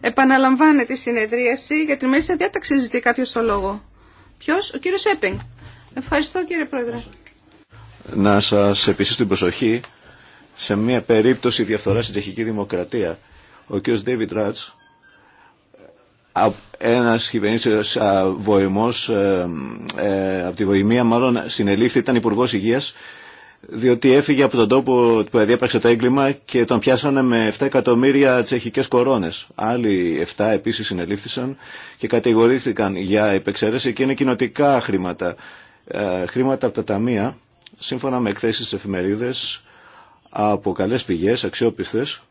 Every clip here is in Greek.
Επαναλαμβάνεται τη συνεδρίαση. Για τη μέση διάταξη ζητεί κάποιο το λόγο. Ποιο, ο κύριο Έπινγκ. Ευχαριστώ κύριε Πρόεδρε. Να σα επίσης την προσοχή σε μια περίπτωση διαφθορά στην τσεχική δημοκρατία. Ο κύριο Ντέιβιτ Ράτ, ένα κυβερνήτη βοημό ε, ε, από τη βοημία, μάλλον συνελήφθη, ήταν υπουργό υγεία διότι έφυγε από τον τόπο που διέπραξε το έγκλημα και τον πιάσανε με 7 εκατομμύρια τσεχικές κορώνες. Άλλοι 7 επίσης συνελήφθησαν και κατηγορήθηκαν για επεξαίρεση και είναι κοινοτικά χρήματα. Ε, χρήματα από τα ταμεία, σύμφωνα με εκθέσεις στις εφημερίδες, από καλές πηγές, αξιόπιστες.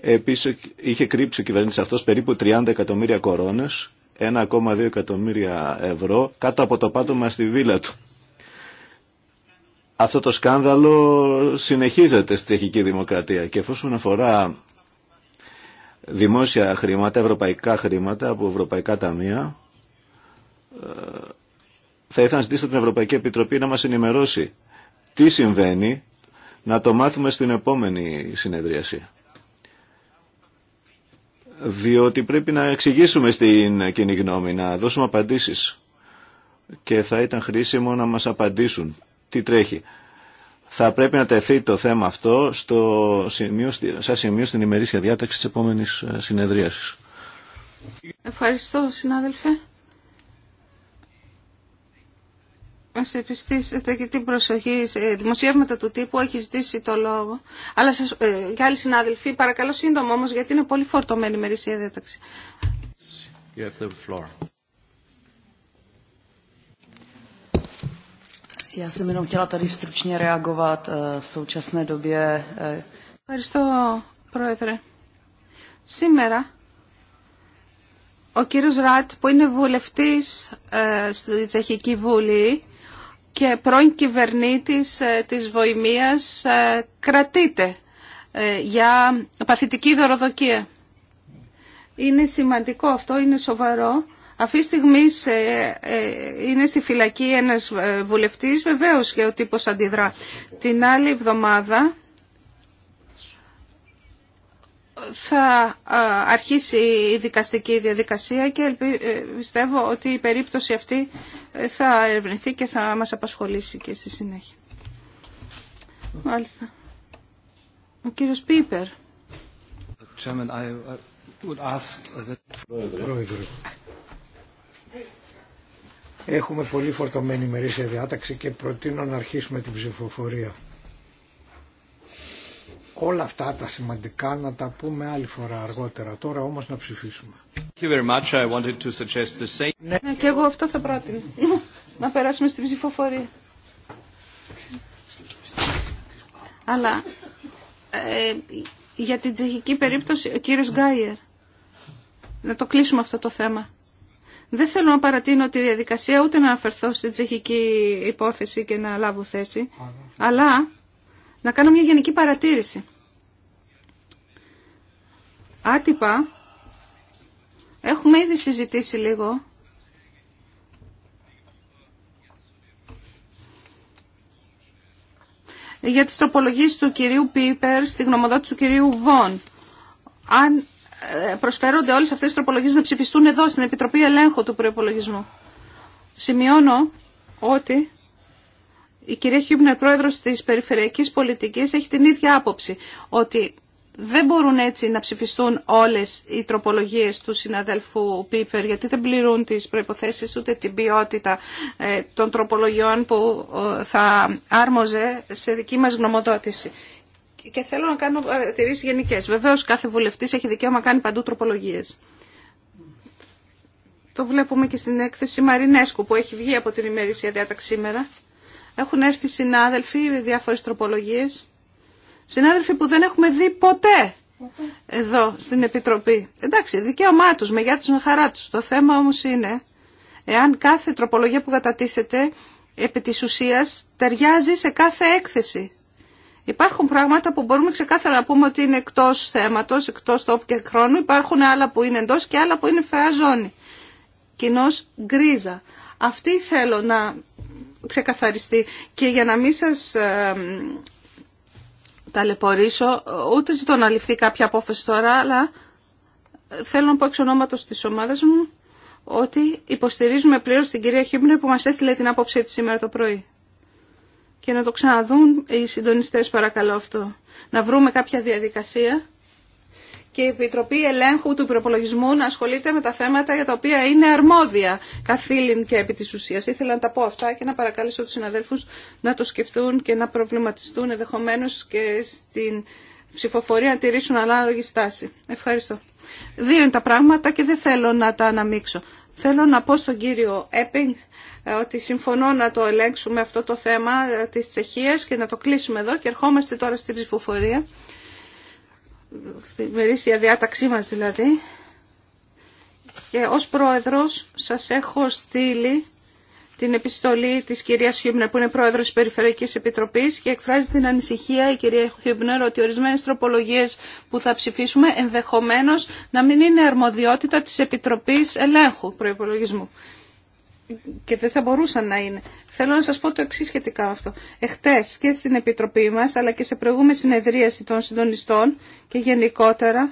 Επίσης είχε κρύψει ο κυβερνήτης αυτός περίπου 30 εκατομμύρια κορώνες, 1,2 εκατομμύρια ευρώ, κάτω από το πάτωμα στη βίλα του. Αυτό το σκάνδαλο συνεχίζεται στη τσεχική δημοκρατία και εφόσον αφορά δημόσια χρήματα, ευρωπαϊκά χρήματα από ευρωπαϊκά ταμεία, ε, θα ήθελα να ζητήσω την Ευρωπαϊκή Επιτροπή να μας ενημερώσει τι συμβαίνει, να το μάθουμε στην επόμενη συνεδρίαση. Διότι πρέπει να εξηγήσουμε στην κοινή γνώμη, να δώσουμε απαντήσεις. Και θα ήταν χρήσιμο να μας απαντήσουν τι τρέχει. Θα πρέπει να τεθεί το θέμα αυτό στο σημείο, σαν σημείο στην ημερήσια διάταξη της επόμενης ε, συνεδρίασης. Ευχαριστώ συνάδελφε. Μας επιστήσετε και την προσοχή. Δημοσιεύματα του τύπου έχει ζητήσει το λόγο. Αλλά σας, ε, και άλλοι συνάδελφοι, παρακαλώ σύντομα όμως γιατί είναι πολύ φορτωμένη η ημερήσια διάταξη. Já jsem jenom chtěla tady stručně reagovat eh, v současné době. Eh, Ευχαριστώ, Πρόεδρε. Σήμερα, ο κύριος Ράτ, που είναι βουλευτής ε, στη Τσεχική Βουλή και πρώην κυβερνήτης ε, της Βοημίας, ε, κρατείται ε, για παθητική δωροδοκία. Είναι σημαντικό αυτό, είναι σοβαρό αυτή τη στιγμή ε, είναι στη φυλακή ένας ε, βουλευτής, βεβαίως και ο τύπος αντιδρά. Την άλλη εβδομάδα θα ε, αρχίσει η δικαστική διαδικασία και πιστεύω ότι η περίπτωση αυτή θα ερευνηθεί και θα μας απασχολήσει και στη συνέχεια. Μάλιστα. Ο κύριος Πίπερ. Uh, Πρόεδρε. Έχουμε πολύ φορτωμένη ημερήσια διάταξη και προτείνω να αρχίσουμε την ψηφοφορία. Όλα αυτά τα σημαντικά να τα πούμε άλλη φορά αργότερα. Τώρα όμως να ψηφίσουμε. Ναι, και εγώ αυτό θα πρότεινα. να περάσουμε στην ψηφοφορία. Αλλά ε, για την τσεχική περίπτωση ο κύριος Γκάιερ. Να το κλείσουμε αυτό το θέμα. Δεν θέλω να παρατείνω τη διαδικασία ούτε να αναφερθώ στην τσεχική υπόθεση και να λάβω θέση, αλλά να κάνω μια γενική παρατήρηση. Άτυπα, έχουμε ήδη συζητήσει λίγο για τις τροπολογίες του κυρίου Πίπερ στη γνωμοδότηση του κυρίου Βον. Αν ε, προσφέρονται όλες αυτές τις τροπολογίες να ψηφιστούν εδώ στην Επιτροπή Ελέγχου του Προϋπολογισμού. Σημειώνω ότι η κυρία Χιούμπνερ, πρόεδρος της Περιφερειακής Πολιτικής, έχει την ίδια άποψη ότι δεν μπορούν έτσι να ψηφιστούν όλες οι τροπολογίες του συναδέλφου Πίπερ γιατί δεν πληρούν τις προϋποθέσεις ούτε την ποιότητα ε, των τροπολογιών που ε, θα άρμοζε σε δική μας γνωμοδότηση και θέλω να κάνω παρατηρήσει γενικέ. Βεβαίω, κάθε βουλευτή έχει δικαίωμα να κάνει παντού τροπολογίε. Το βλέπουμε και στην έκθεση Μαρινέσκου που έχει βγει από την ημερήσια διάταξη σήμερα. Έχουν έρθει συνάδελφοι με διάφορε τροπολογίε. Συνάδελφοι που δεν έχουμε δει ποτέ εδώ στην Επιτροπή. Εντάξει, δικαίωμά του, μεγιά του, με χαρά του. Το θέμα όμω είναι εάν κάθε τροπολογία που κατατίθεται επί τη ουσία ταιριάζει σε κάθε έκθεση. Υπάρχουν πράγματα που μπορούμε ξεκάθαρα να πούμε ότι είναι εκτός θέματος, εκτός τόπου και χρόνου. Υπάρχουν άλλα που είναι εντός και άλλα που είναι φαιά ζώνη. Κοινώ γκρίζα. Αυτή θέλω να ξεκαθαριστεί και για να μην σας ε, ταλαιπωρήσω, ούτε ζητώ να ληφθεί κάποια απόφαση τώρα, αλλά θέλω να πω εξ ονόματος της ομάδας μου ότι υποστηρίζουμε πλήρως την κυρία Χίμπνερ που μας έστειλε την άποψή της σήμερα το πρωί και να το ξαναδούν οι συντονιστές παρακαλώ αυτό. Να βρούμε κάποια διαδικασία και η Επιτροπή Ελέγχου του Προπολογισμού να ασχολείται με τα θέματα για τα οποία είναι αρμόδια καθήλυν και επί της ουσίας. Ήθελα να τα πω αυτά και να παρακαλέσω τους συναδέλφους να το σκεφτούν και να προβληματιστούν ενδεχομένω και στην ψηφοφορία να τηρήσουν ανάλογη στάση. Ευχαριστώ. Δύο είναι τα πράγματα και δεν θέλω να τα αναμίξω. Θέλω να πω στον κύριο Έπινγκ ε, ότι συμφωνώ να το ελέγξουμε αυτό το θέμα ε, της Τσεχίας και να το κλείσουμε εδώ και ερχόμαστε τώρα στην ψηφοφορία, στη μερίσια διάταξή μας δηλαδή. Και ως πρόεδρος σας έχω στείλει την επιστολή της κυρίας Χιούμπνερ που είναι πρόεδρος της Περιφερειακής Επιτροπής και εκφράζει την ανησυχία η κυρία Χιούμπνερ ότι ορισμένες τροπολογίες που θα ψηφίσουμε ενδεχομένως να μην είναι αρμοδιότητα της Επιτροπής Ελέγχου Προϋπολογισμού. Και δεν θα μπορούσαν να είναι. Θέλω να σας πω το εξή σχετικά με αυτό. Εχθές και στην Επιτροπή μας αλλά και σε προηγούμενη συνεδρίαση των συντονιστών και γενικότερα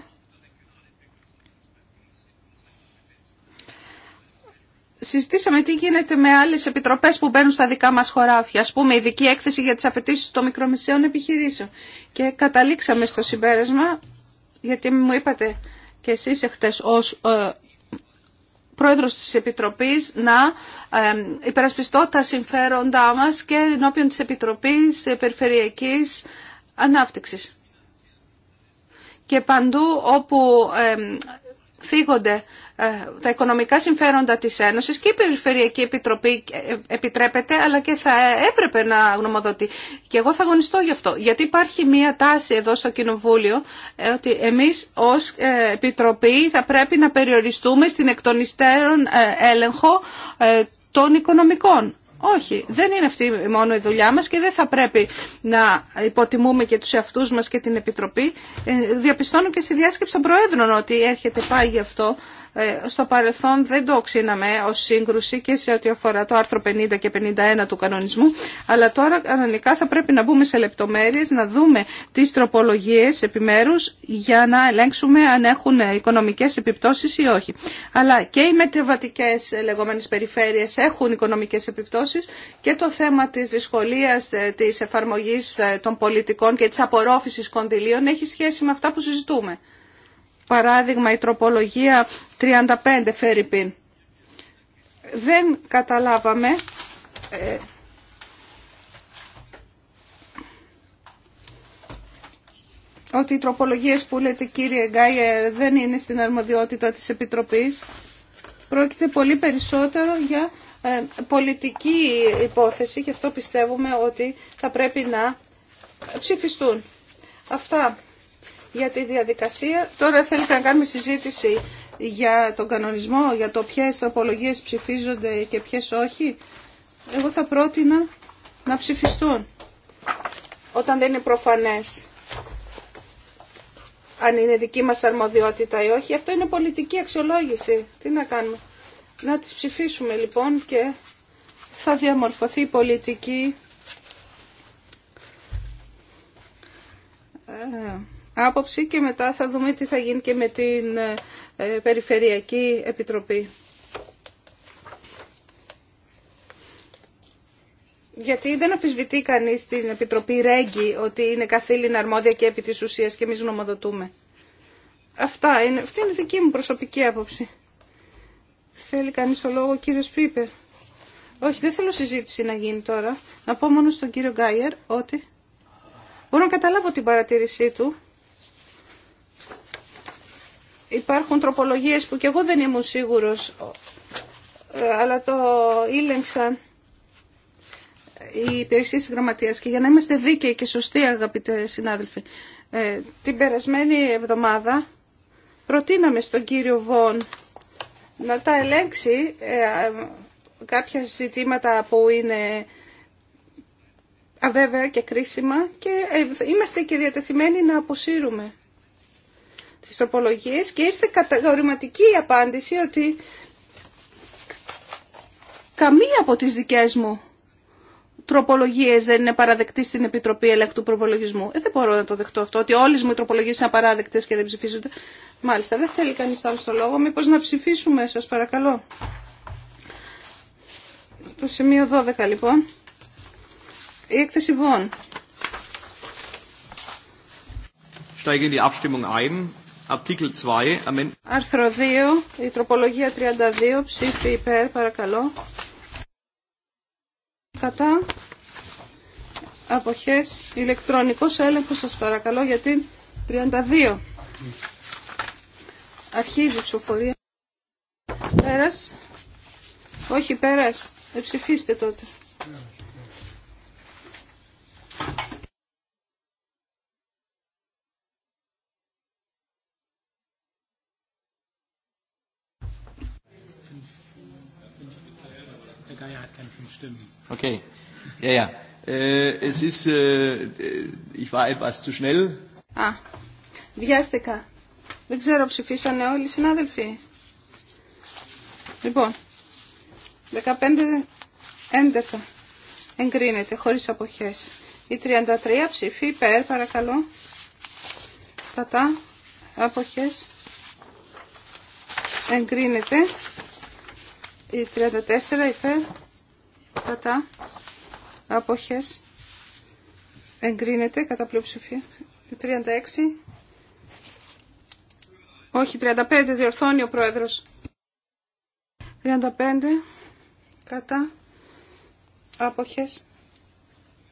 συζητήσαμε τι γίνεται με άλλες επιτροπές που μπαίνουν στα δικά μας χωράφια, α πούμε ειδική έκθεση για τις απαιτήσει των μικρομεσαίων επιχειρήσεων. Και καταλήξαμε στο συμπέρασμα, γιατί μου είπατε και εσεί εχθέ ως ε, πρόεδρος της Επιτροπής να ε, υπερασπιστώ τα συμφέροντά μας και ενώπιον της Επιτροπής Περιφερειακής Ανάπτυξης. Και παντού όπου ε, θίγονται ε, τα οικονομικά συμφέροντα της Ένωσης και η Περιφερειακή Επιτροπή ε, επιτρέπεται αλλά και θα έπρεπε να γνωμοδοτεί. Και εγώ θα αγωνιστώ γι' αυτό. Γιατί υπάρχει μία τάση εδώ στο Κοινοβούλιο ε, ότι εμείς ως Επιτροπή θα πρέπει να περιοριστούμε στην εκτονιστέρων έλεγχο των οικονομικών. Όχι, δεν είναι αυτή μόνο η δουλειά μας και δεν θα πρέπει να υποτιμούμε και τους εαυτούς μας και την Επιτροπή. Ε, διαπιστώνω και στη διάσκεψη των Προέδρων ότι έρχεται γι' αυτό ε, στο παρελθόν δεν το οξύναμε ως σύγκρουση και σε ό,τι αφορά το άρθρο 50 και 51 του κανονισμού, αλλά τώρα κανονικά θα πρέπει να μπούμε σε λεπτομέρειες, να δούμε τις τροπολογίες επιμέρους για να ελέγξουμε αν έχουν οικονομικές επιπτώσεις ή όχι. Αλλά και οι μετεβατικές λεγόμενες περιφέρειες έχουν οικονομικές επιπτώσεις και το θέμα της δυσκολίας ε, της εφαρμογής ε, των πολιτικών και της απορρόφησης κονδυλίων έχει σχέση με αυτά που συζητούμε παράδειγμα η τροπολογία 35 Φερρυπίν. Δεν καταλάβαμε ε, ότι οι τροπολογίες που λέτε κύριε Γκάιερ δεν είναι στην αρμοδιότητα της Επιτροπής. Πρόκειται πολύ περισσότερο για ε, πολιτική υπόθεση και αυτό πιστεύουμε ότι θα πρέπει να ψηφιστούν. Αυτά για τη διαδικασία. Τώρα θέλετε να κάνουμε συζήτηση για τον κανονισμό, για το ποιε απολογίες ψηφίζονται και ποιε όχι. Εγώ θα πρότεινα να ψηφιστούν όταν δεν είναι προφανές αν είναι δική μας αρμοδιότητα ή όχι. Αυτό είναι πολιτική αξιολόγηση. Τι να κάνουμε. Να τις ψηφίσουμε λοιπόν και θα διαμορφωθεί η πολιτική ε, άποψη και μετά θα δούμε τι θα γίνει και με την ε, ε, Περιφερειακή Επιτροπή. Γιατί δεν αφισβητεί κανεί την Επιτροπή Ρέγγι ότι είναι καθήλυνα αρμόδια και επί τη ουσία και εμεί γνωμοδοτούμε. Αυτά είναι, αυτή είναι δική μου προσωπική άποψη. Θέλει κανεί το λόγο, κύριο Πίπερ. Όχι, δεν θέλω συζήτηση να γίνει τώρα. Να πω μόνο στον κύριο Γκάιερ ότι μπορώ να καταλάβω την παρατήρησή του υπάρχουν τροπολογίες που και εγώ δεν ήμουν σίγουρος, ε, αλλά το ήλεγξαν οι υπηρεσίε της Γραμματείας. Και για να είμαστε δίκαιοι και σωστοί, αγαπητέ συνάδελφοι, ε, την περασμένη εβδομάδα προτείναμε στον κύριο Βον να τα ελέγξει ε, κάποια ζητήματα που είναι αβέβαια και κρίσιμα και είμαστε και διατεθειμένοι να αποσύρουμε τις τροπολογίες και ήρθε κατηγορηματική η απάντηση ότι καμία από τις δικές μου τροπολογίε δεν είναι παραδεκτή στην Επιτροπή Ελέκτου Προπολογισμού. Ε, δεν μπορώ να το δεχτώ αυτό, ότι όλε μου οι τροπολογίε είναι απαράδεκτε και δεν ψηφίζονται. Μάλιστα, δεν θέλει κανεί άλλο το λόγο. Μήπω να ψηφίσουμε, σα παρακαλώ. Το σημείο 12 λοιπόν. Η έκθεση Βόν. ein. Άρθρο 2, η τροπολογία 32, ψήφι υπέρ, παρακαλώ. Κατά αποχές, ηλεκτρονικός έλεγχος, σας παρακαλώ, για την 32. Αρχίζει η ψηφοφορία. Πέρας. Όχι, πέρας. εψηφίστε ψηφίστε τότε. Okay. Ja, ja. Äh, es ist, äh, äh, ich war etwas zu schnell. Α, βιάστηκα. Δεν ξέρω, ψηφίσανε όλοι οι συνάδελφοι. Λοιπόν, 15-11 εγκρίνεται χωρίς αποχές. Η 33 ψηφί υπέρ, παρακαλώ. Κατά, αποχές. Εγκρίνεται. Η 34 υπέρ κατά αποχές εγκρίνεται κατά πλειοψηφία 36 όχι 35 διορθώνει ο πρόεδρος 35 κατά αποχές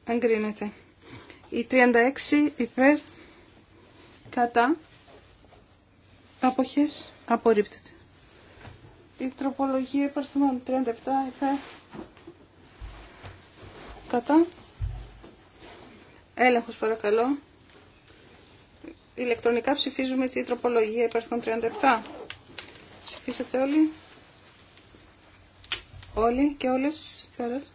εγκρίνεται η 36 υπέρ κατά αποχές απορρίπτεται η τροπολογία υπαρθμών 37 υπέρ Κατά. Έλεγχος παρακαλώ. Ηλεκτρονικά ψηφίζουμε τη τροπολογία υπαρχών 37. Ψηφίσατε όλοι. Όλοι και όλες. Πέρας.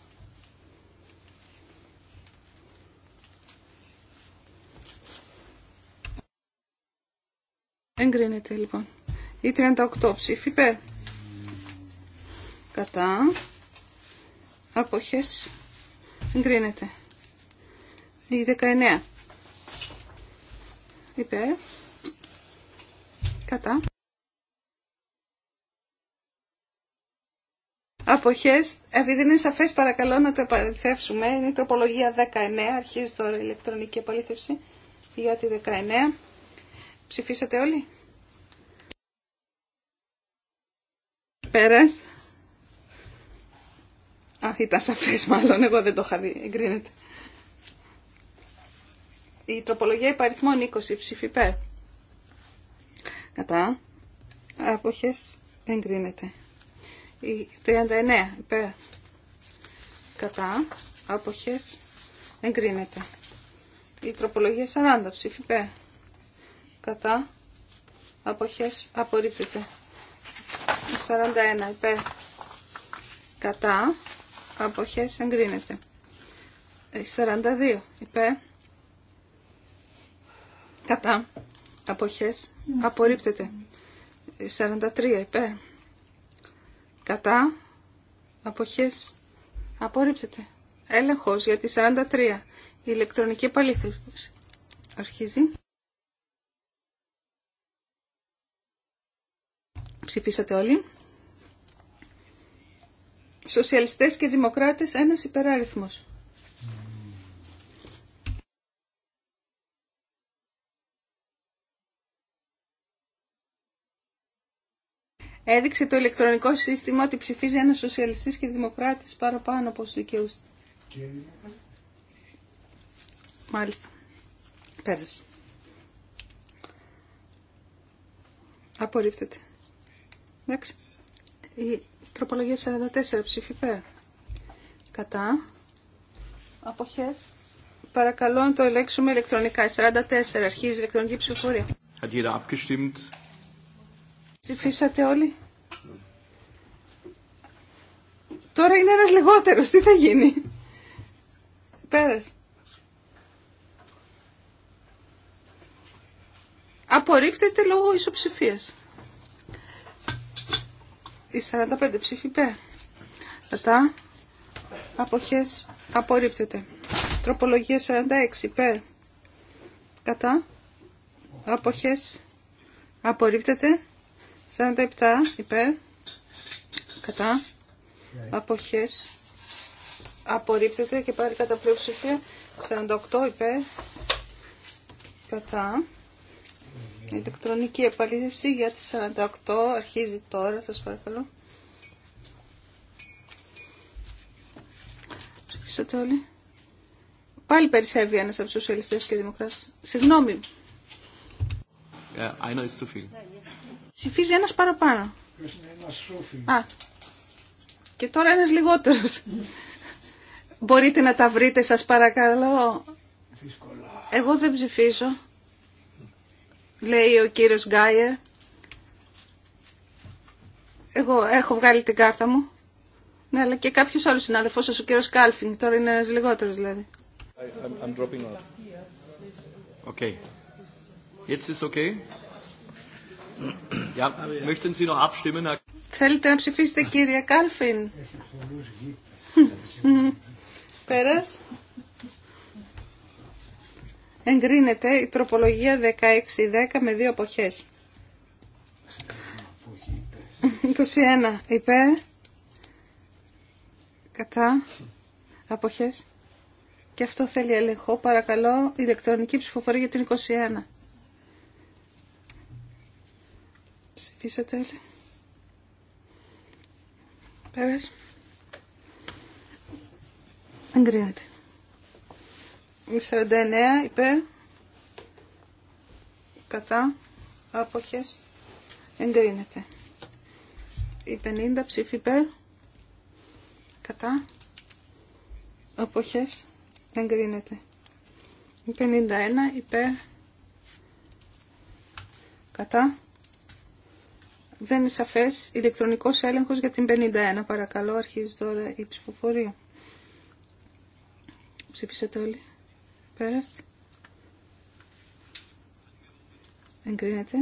Εγκρίνεται λοιπόν. Η 38 ψήφιπε. Κατά. Αποχές Εγκρίνεται. Η 19. Υπέρ. Κατά. Αποχές, επειδή είναι σαφές παρακαλώ να το επαληθεύσουμε, είναι η τροπολογία 19, αρχίζει τώρα η ηλεκτρονική επαλήθευση για τη 19. Ψηφίσατε όλοι. Πέρας. Α, ήταν σαφές μάλλον, εγώ δεν το είχα δει, εγκρίνεται. Η τροπολογία υπαριθμών 20 ψήφι Κατά. Αποχές εγκρίνεται. Η 39 Πε. Κατά. Αποχές εγκρίνεται. Η τροπολογία 40 ψήφι Κατά. Αποχές απορρίπτεται. Η 41 Πε. Κατά αποχές εγκρίνεται. 42 ε, υπέρ κατά αποχές απορρίπτεται. 43 ε, υπέρ κατά αποχές απορρίπτεται. Έλεγχος για τη 43 η ηλεκτρονική επαλήθευση αρχίζει. Ψηφίσατε όλοι. Σοσιαλιστές και Δημοκράτες ένας υπεράριθμος. Έδειξε το ηλεκτρονικό σύστημα ότι ψηφίζει ένας σοσιαλιστής και δημοκράτης παραπάνω από τους δικαιούς. Μάλιστα. Πέρασε. Απορρίπτεται. Εντάξει. Τροπολογία 44 ψήφι πέρα. Κατά. Αποχές. Παρακαλώ να το ελέγξουμε ηλεκτρονικά. 44 αρχίζει η ηλεκτρονική ψηφοφορία. Hat Ψηφίσατε όλοι. Τώρα είναι ένας λιγότερος. Τι θα γίνει. Πέρασε. Απορρίπτεται λόγω ισοψηφίας. Η 45 ψήφι υπέρ. Κατά. Αποχές απορρίπτεται. Τροπολογία 46 υπέρ. Κατά. Αποχές απορρίπτεται. 47 υπέρ. Κατά. Αποχές απορρίπτεται και πάλι κατά πλειοψηφία. 48 υπέρ. Κατά. Η ηλεκτρονική επαλήθευση για τις 48 αρχίζει τώρα, σας παρακαλώ. Ψηφίσατε όλοι. Πάλι περισσεύει ένας από τους σοσιαλιστές και δημοκράτες. Συγγνώμη. Ψηφίζει ένας παραπάνω. Α, και τώρα ένας λιγότερος. Μπορείτε να τα βρείτε σας παρακαλώ. Εγώ δεν ψηφίζω λέει ο κύριος Γκάιερ. Εγώ έχω βγάλει την κάρτα μου. Ναι, αλλά και κάποιο άλλο συνάδελφο, ο κύριο Κάλφιν, τώρα είναι ένα λιγότερο δηλαδή. Θέλετε να ψηφίσετε, κύριε Κάλφιν. Πέρας. Εγκρίνεται η τροπολογία 16-10 με δύο αποχές. 21 υπέρ. Κατά. Αποχές. Και αυτό θέλει ελεγχό. Παρακαλώ, ηλεκτρονική ψηφοφορία για την 21. Ψηφίσατε όλοι. Πέρας. Εγκρίνεται. 49 υπέρ κατά άποχες εγκρίνεται. Η 50 ψήφι υπέρ κατά άποχες εγκρίνεται. Η 51 υπέρ κατά δεν είναι σαφές ηλεκτρονικός έλεγχος για την 51 παρακαλώ αρχίζει τώρα η ψηφοφορία. Ψήφισατε όλοι. Πέρας. Εγκρίνεται.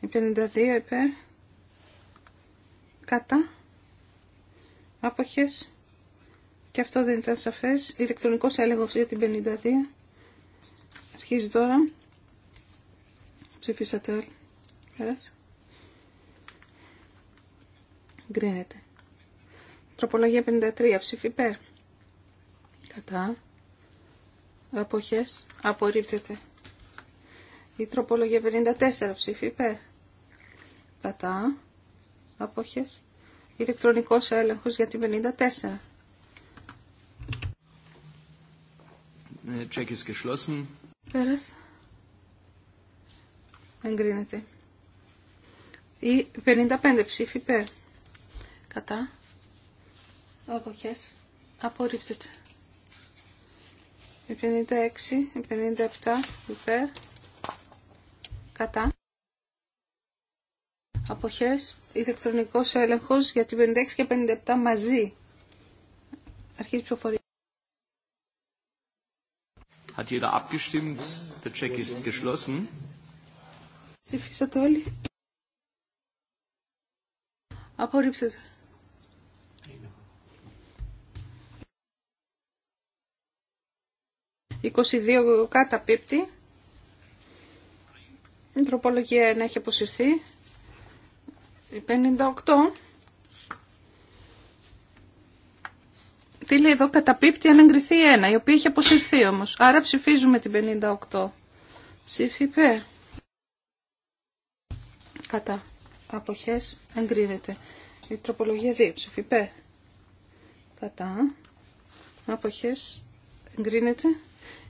Η 52 υπέρ. Κατά. Άποχες. Και αυτό δεν ήταν σαφές. Ηλεκτρονικός έλεγχος για την 52. Αρχίζει τώρα. Ψηφίσατε όλοι. Πέρας. Εγκρίνεται. Τροπολογία 53. Ψήφι υπέρ. Κατά. Αποχές. Απορρίπτεται. Η τροπολογία 54 ψήφι περ. Κατά. Αποχές. Ηλεκτρονικός έλεγχος για την 54. Check is geschlossen. Πέρας. Εγκρίνεται. Η 55 ψήφι υπέρ. Κατά. Αποχές. Απορρίπτεται η 56, η 57 υπέρ κατά αποχές ηλεκτρονικός έλεγχος για την 56 και 57 μαζί αρχής ψηφοφορία Hat jeder abgestimmt? Der Check ist geschlossen. Ψηφίσατε όλοι. Απορρίψετε. 22 καταπίπτει. Η τροπολογία 1 έχει αποσυρθεί. 58. Τι λέει εδώ, καταπίπτει αν εγκριθεί 1 η οποία έχει αποσυρθεί όμως. Άρα ψηφίζουμε την 58. Ψήφι Κατά. Αποχές εγκρίνεται. Η τροπολογία 2. Ψήφι Κατά. Αποχές εγκρίνεται.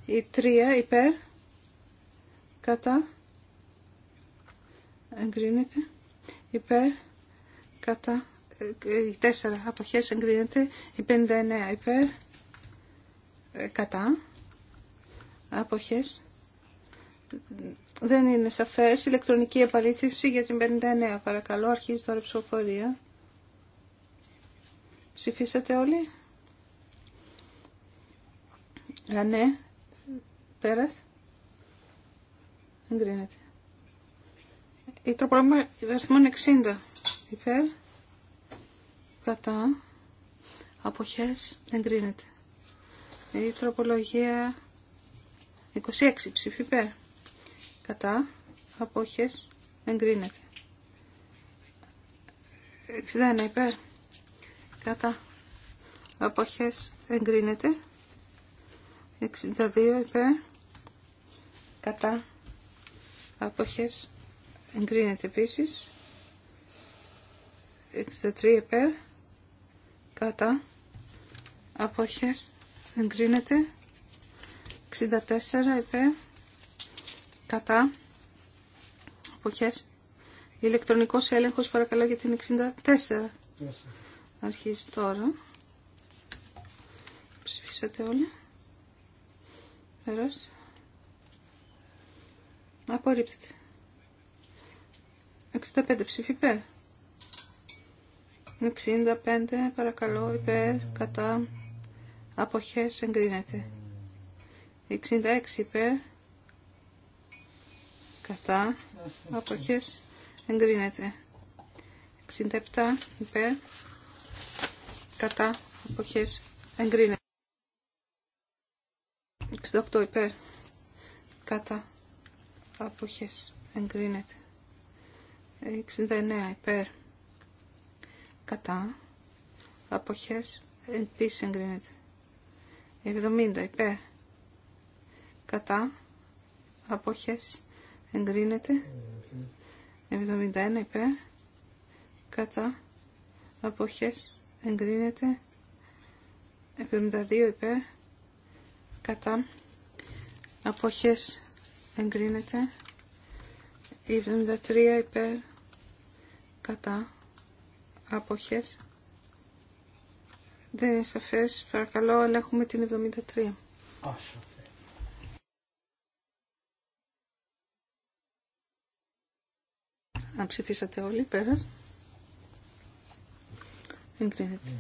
Η 3 υπέρ κατά εγκρίνεται. Υπέρ κατά οι ε, 4 ε, αποχές εγκρίνεται. Η 59 υπέρ ε, κατά αποχές δεν είναι σαφές. Ηλεκτρονική επαλήθευση για την 59. Παρακαλώ, αρχίζει τώρα η ψηφοφορία. Ψηφίσατε όλοι. Α, ναι, Πέρας. Εγκρίνεται. Η τροπολογία είναι 60. Υπέρ. Κατά. Αποχές. Εγκρίνεται. Η τροπολογία 26. Ψήφι υπέρ. Κατά. Αποχές. Εγκρίνεται. 61 υπέρ. Κατά. Αποχές. Εγκρίνεται. 62 υπέρ κατά άποχες εγκρίνεται επίσης 63 επέρ, κατά άποχες εγκρίνεται 64 υπέρ κατά άποχες ηλεκτρονικός έλεγχος παρακαλώ για την 64 αρχίζει τώρα ψηφίσατε όλοι πέρασε Απορρίπτεται. 65 ψήφι υπέρ. 65 παρακαλώ υπέρ κατά αποχές εγκρίνεται. 66 υπέρ κατά αποχές εγκρίνεται. 67 υπέρ κατά αποχές εγκρίνεται. 68 υπέρ κατά αποχές εγκρίνεται 69 υπέρ κατά αποχές επίσης εγκρίνεται 70 υπέρ κατά αποχές εγκρίνεται 71 υπέρ κατά αποχές εγκρίνεται 72 υπέρ κατά αποχές εγκρίνεται 73 υπέρ κατά αποχές δεν είναι σαφές παρακαλώ έχουμε την 73 Να Αν ψηφίσατε όλοι, πέρα. Εγκρίνεται.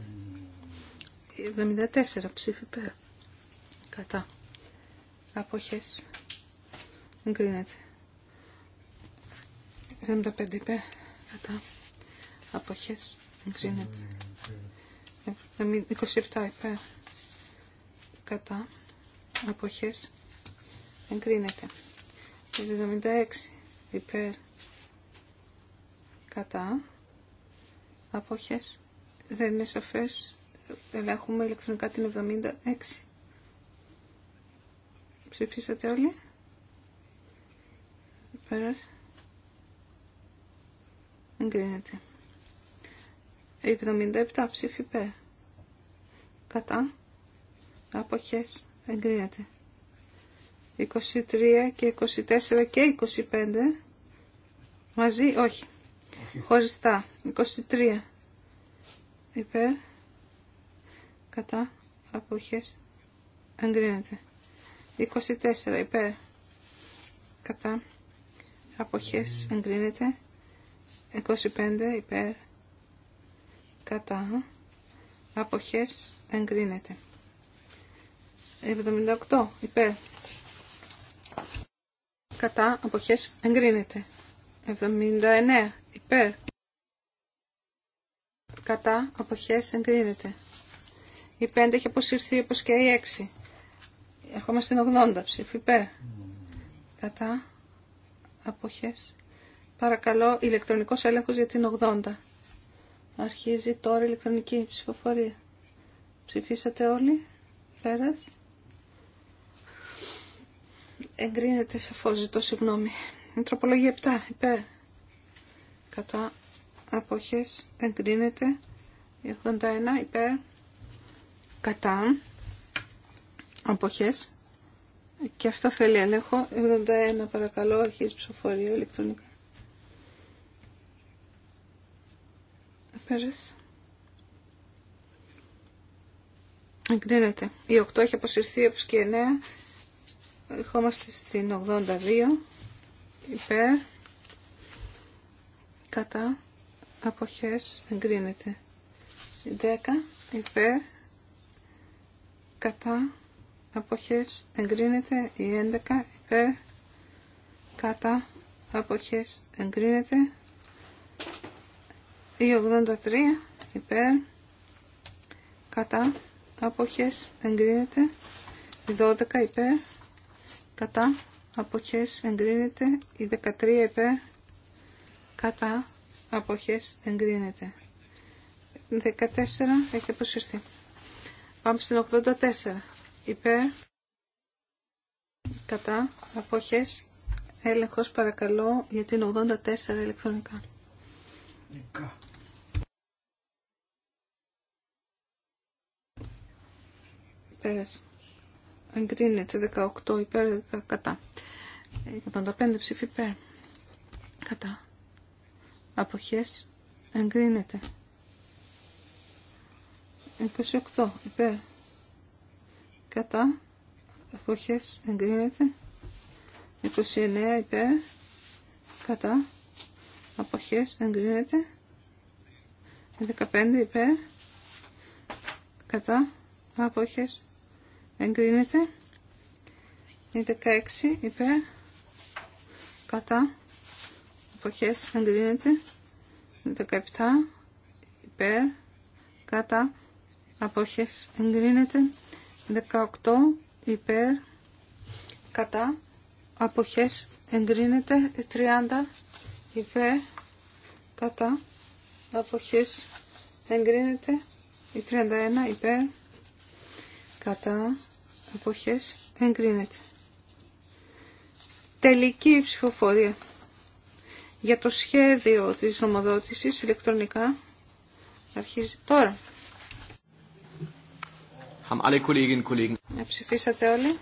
74 ψήφι πέρα. Κατά. Αποχές. Εγκρίνεται. 75 υπέρ. Κατά. Αποχές. Εγκρίνεται. 27 υπέρ. Κατά. Αποχές. Εγκρίνεται. 76 υπέρ. Κατά. Αποχές. Δεν είναι σαφές. Ελέγχουμε ηλεκτρονικά την 76. Ψηφίσατε όλοι. Εγκρίνεται. 77 ψήφι υπέρ. Κατά. Αποχές. Εγκρίνεται. 23 και 24 και 25. Μαζί, όχι. Χωριστά. 23. Υπέρ. Κατά. Αποχές. Εγκρίνεται. 24. Υπέρ. Κατά αποχές εγκρίνεται 25 υπέρ κατά αποχές εγκρίνεται 78 υπέρ κατά αποχές εγκρίνεται 79 υπέρ κατά αποχές εγκρίνεται η 5 έχει αποσυρθεί όπως και η 6 ερχόμαστε στην 80 ψήφι υπέρ κατά αποχές. Παρακαλώ, ηλεκτρονικός έλεγχος για την 80. Αρχίζει τώρα η ηλεκτρονική ψηφοφορία. Ψηφίσατε όλοι. Πέρας. Εγκρίνεται σαφώς, ζητώ συγγνώμη. Μητροπολογία τροπολογία 7, υπέρ. Κατά αποχές εγκρίνεται. 81, υπέρ. Κατά αποχές και αυτό θέλει έλεγχο. 81 παρακαλώ, αρχίζει ψηφοφορία ηλεκτρονικά. Πέρασε. Εγκρίνεται. Η 8 έχει αποσυρθεί όπως και η 9. Ερχόμαστε στην 82. Υπέρ. Κατά. Αποχές. Εγκρίνεται. 10. Υπέρ. Κατά αποχές εγκρίνεται η 11 υπέρ κατά αποχές εγκρίνεται η 83 υπέρ κατά αποχές εγκρίνεται η 12 υπέρ κατά αποχές εγκρίνεται η 13 υπέρ κατά αποχές εγκρίνεται 14 έχει αποσυρθεί πάμε στην 84 υπέρ κατά αποχές έλεγχος παρακαλώ για την 84 ηλεκτρονικά. Νικά. Πέρασε. Εγκρίνεται 18 υπέρ κατά. 85 ψήφι υπέρ. Κατά. Αποχές εγκρίνεται. 28 υπέρ κατά εποχές εγκρίνεται 29 υπέρ κατά αποχές εγκρίνεται 15 υπέρ κατά αποχές εγκρίνεται 16 υπέρ κατά αποχές εγκρίνεται 17 υπέρ κατά αποχές εγκρίνεται 18 υπέρ κατά αποχές εγκρίνεται 30 υπέρ κατά αποχές εγκρίνεται 31 υπέρ κατά αποχές εγκρίνεται τελική ψηφοφορία για το σχέδιο της νομοδότησης ηλεκτρονικά αρχίζει τώρα Haben alle Kolleginnen Kollegen. Ναι, ψηφίσατε όλοι.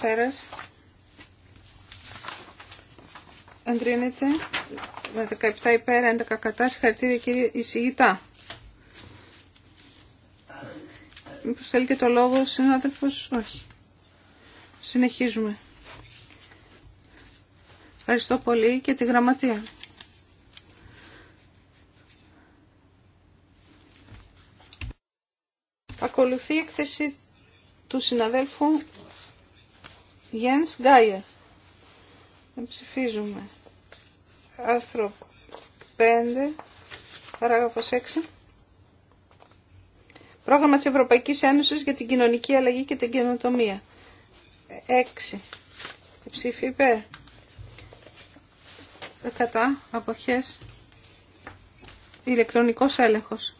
Πέρας. Εγκρίνεται με 17 υπέρ, 11 κατά. Συγχαρητήρια κύριε εισηγητά. Μήπως θέλει και το λόγο ο συνάδελφος. Όχι. Συνεχίζουμε. Ευχαριστώ πολύ και τη γραμματεία. Ακολουθεί η έκθεση του συναδέλφου Γιάννης Γκάιερ. Ψηφίζουμε. Άρθρο 5, παράγραφος 6. Πρόγραμμα της Ευρωπαϊκής Ένωσης για την κοινωνική αλλαγή και την καινοτομία. 6. Ψήφι υπέρ. Αποχές. Ηλεκτρονικός έλεγχος.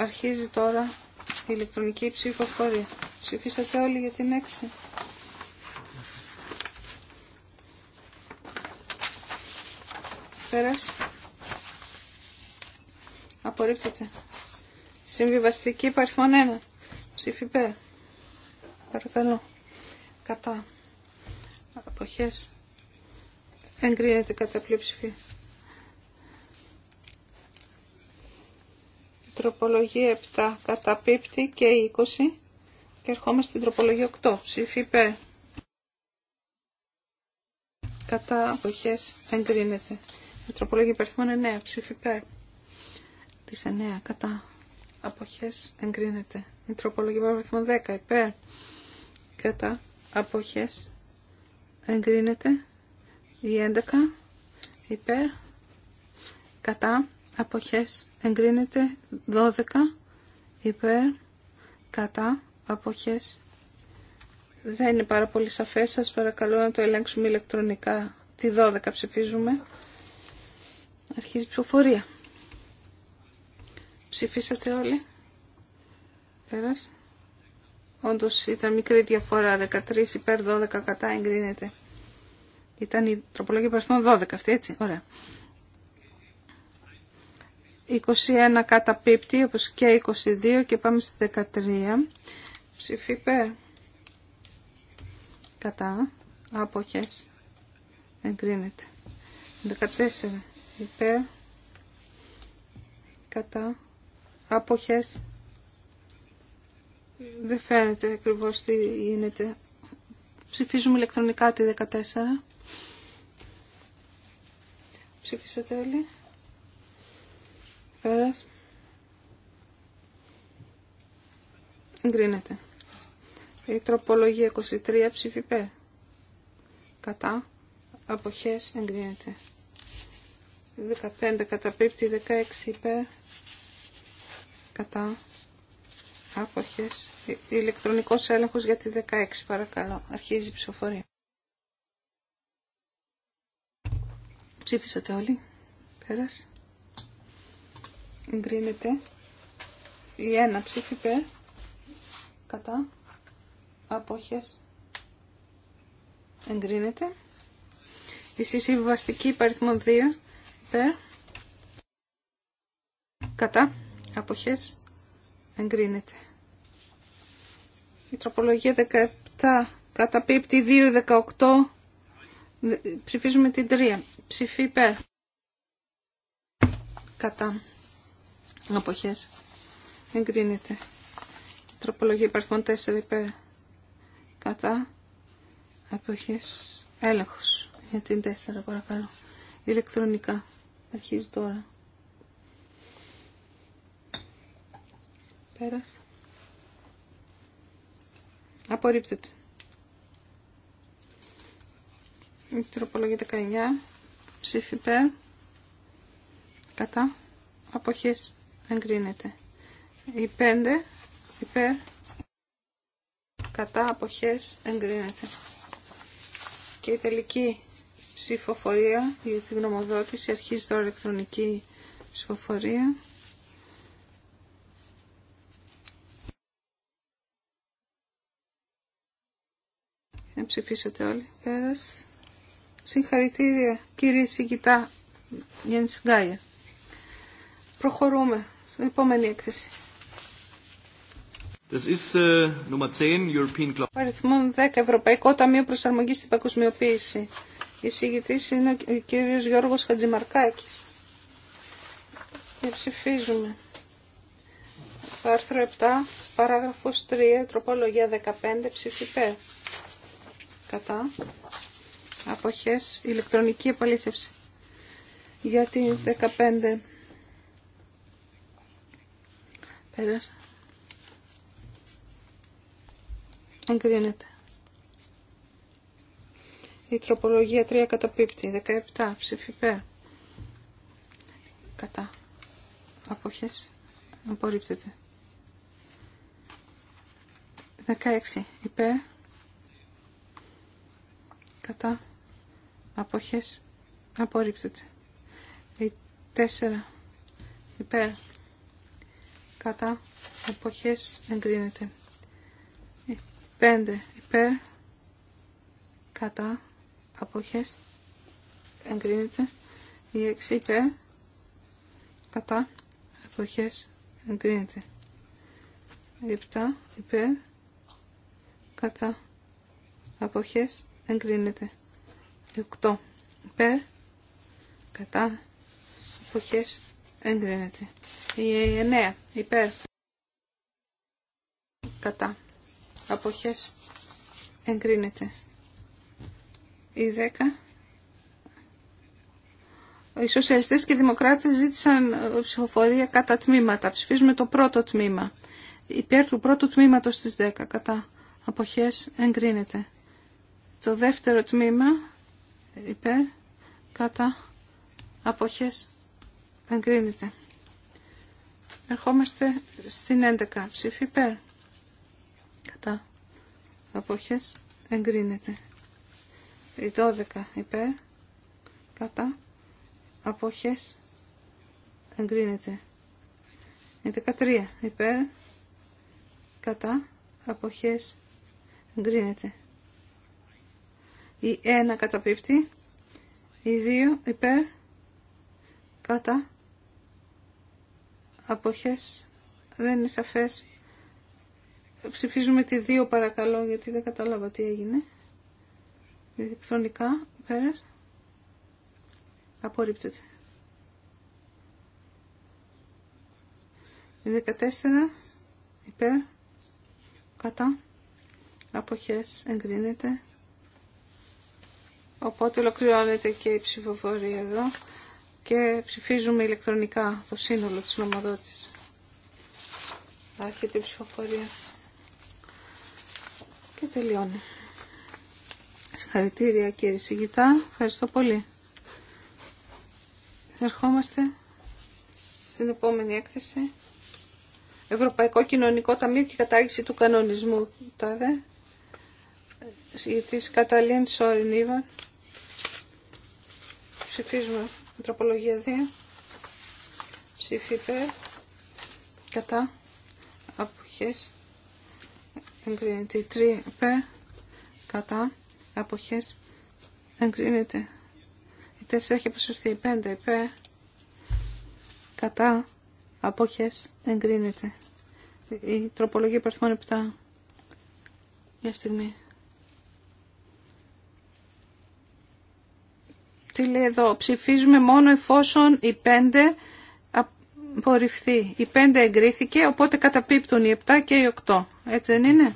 Αρχίζει τώρα η ηλεκτρονική ψηφοφορία. Ψηφίσατε όλοι για την έξι. Πέρασε. Απορρίπτεται. Συμβιβαστική υπαρθμόν 1. Ψήφι πέρα. Παρακαλώ. Κατά. Αποχές. Εγκρίνεται κατά πλειοψηφία. Τροπολογία 7 καταπίπτει και 20 και ερχόμαστε στην τροπολογία 8. Ψήφι π Κατά αποχές εγκρίνεται. Η τροπολογία υπερθυμών 9. Ψήφι π Της 9. Κατά αποχές εγκρίνεται. Η τροπολογία υπερθυμών 10. Υπέρ. Κατά αποχές εγκρίνεται. Η 11. Υπέρ. Κατά αποχές εγκρίνεται 12 υπέρ κατά αποχές δεν είναι πάρα πολύ σαφές σας παρακαλώ να το ελέγξουμε ηλεκτρονικά τη 12 ψηφίζουμε αρχίζει η ψηφοφορία ψηφίσατε όλοι Πέρας. όντως ήταν μικρή διαφορά 13 υπέρ 12 κατά εγκρίνεται ήταν η τροπολογία παρθών 12 αυτή έτσι ωραία 21 καταπίπτει, όπως και 22 και πάμε στη 13. Ψηφίπε Κατά. Άποχες. Εγκρίνεται. 14. Υπέρ. Κατά. Άποχες. Δεν φαίνεται ακριβώς τι γίνεται. Ψηφίζουμε ηλεκτρονικά τη 14. Ψηφίσατε όλοι. Πέρας. Εγκρίνεται. Η τροπολογία 23 ψήφιπε. Κατά. Αποχές εγκρίνεται. 15 καταπίπτει 16 16π, Κατά. Άποχες. Ε, ηλεκτρονικός έλεγχος για τη 16 παρακαλώ. Αρχίζει η ψηφοφορία. Ψήφισατε όλοι. Πέρας εγκρίνεται η ένα ψήφι περ κατά απόχες εγκρίνεται η συσυμβαστική παριθμό 2 υπέρ κατά απόχες εγκρίνεται η τροπολογία 17 κατά πίπτη 2, 18 ψηφίζουμε την 3 ψηφί υπέρ κατά Αποχές. Εγκρίνεται. Τροπολογία υπάρχουν 4 υπέρ. Κατά. Αποχές. Έλεγχος. Για την 4 παρακαλώ. Ηλεκτρονικά. Αρχίζει τώρα. Πέρασε. Απορρίπτεται. Η τροπολογία 19. Ψήφι υπέρ. Κατά. Αποχές εγκρίνεται. Η 5 υπέρ κατά αποχές εγκρίνεται. Και η τελική ψηφοφορία για την γνωμοδότηση αρχίζει τώρα ηλεκτρονική ψηφοφορία. Να ε, ψηφίσετε όλοι. Πέρας. Συγχαρητήρια κύριε Σιγητά Γιάννη Προχωρούμε επόμενη έκθεση. Das 10, äh, Ευρωπαϊκό Ταμείο προσαρμογή στην Παγκοσμιοποίηση. Η συγητής είναι ο κύριο Γιώργο Χατζημαρκάκη. Και ψηφίζουμε. Το άρθρο 7, παράγραφο 3, τροπολογία 15, ψήφι Κατά. Αποχές, ηλεκτρονική επαλήθευση. Για την 15 Πέρας. Εγκρίνεται. Η τροπολογία 3 καταπίπτει. 17 ψηφιπέ Κατά. Αποχές. Απορρίπτεται. 16 υπέ Κατά. Αποχές. Απορρίπτεται. 4 υπέρ κατά εποχές εγκρίνεται. 5 υπέρ κατά αποχές εγκρίνεται. Η 6 υπέρ κατά εποχές εγκρίνεται. Η 7 υπέρ κατά εποχέ, εγκρίνεται. Η 8 υπέρ κατά εποχές Εγκρίνεται. Η 9. Ε, ναι, υπέρ. Κατά. Αποχές. Εγκρίνεται. Η 10. Οι σοσιαλιστές και οι δημοκράτες ζήτησαν ε, ψηφοφορία κατά τμήματα. Ψηφίζουμε το πρώτο τμήμα. Υπέρ του πρώτου τμήματος στις 10. Κατά. Αποχές. Εγκρίνεται. Το δεύτερο τμήμα. Υπέρ. Κατά. Αποχές Εγκρίνεται. Ερχόμαστε στην 11. Ψήφι υπέρ. Κατά. Αποχές. Εγκρίνεται. Η 12 υπέρ. Κατά. Αποχές. Εγκρίνεται. Η 13 υπέρ. Κατά. Αποχές. Εγκρίνεται. Η 1 καταπίπτει. Η 2 υπέρ. Κατά αποχές δεν είναι σαφές. Ψηφίζουμε τη 2 παρακαλώ γιατί δεν κατάλαβα τι έγινε. Ηλεκτρονικά πέρας. Απορρίπτεται. 14 υπέρ κατά αποχές εγκρίνεται. Οπότε ολοκληρώνεται και η ψηφοφορία εδώ και ψηφίζουμε ηλεκτρονικά το σύνολο της νομοδότησης. Άρχεται η ψηφοφορία και τελειώνει. Συγχαρητήρια κύριε Σιγητά. Ευχαριστώ πολύ. Ερχόμαστε στην επόμενη έκθεση. Ευρωπαϊκό Κοινωνικό Ταμείο και κατάργηση του κανονισμού. Τάδε. Συγητής Καταλήν Σόριν Ψηφίζουμε Τροπολογία 2. Ψήφι υπέρ. Κατά. Αποχές. Εγκρίνεται. 3 υπέρ. Κατά. Αποχές. Εγκρίνεται. Η 4 έχει αποσυρθεί. 5 υπέρ. Κατά. Αποχές. Εγκρίνεται. Η τροπολογία υπερθμών 7. Για στιγμή. τι λέει εδώ, ψηφίζουμε μόνο εφόσον η 5 απορριφθεί. Η 5 εγκρίθηκε, οπότε καταπίπτουν η 7 και οι 8. Έτσι δεν είναι.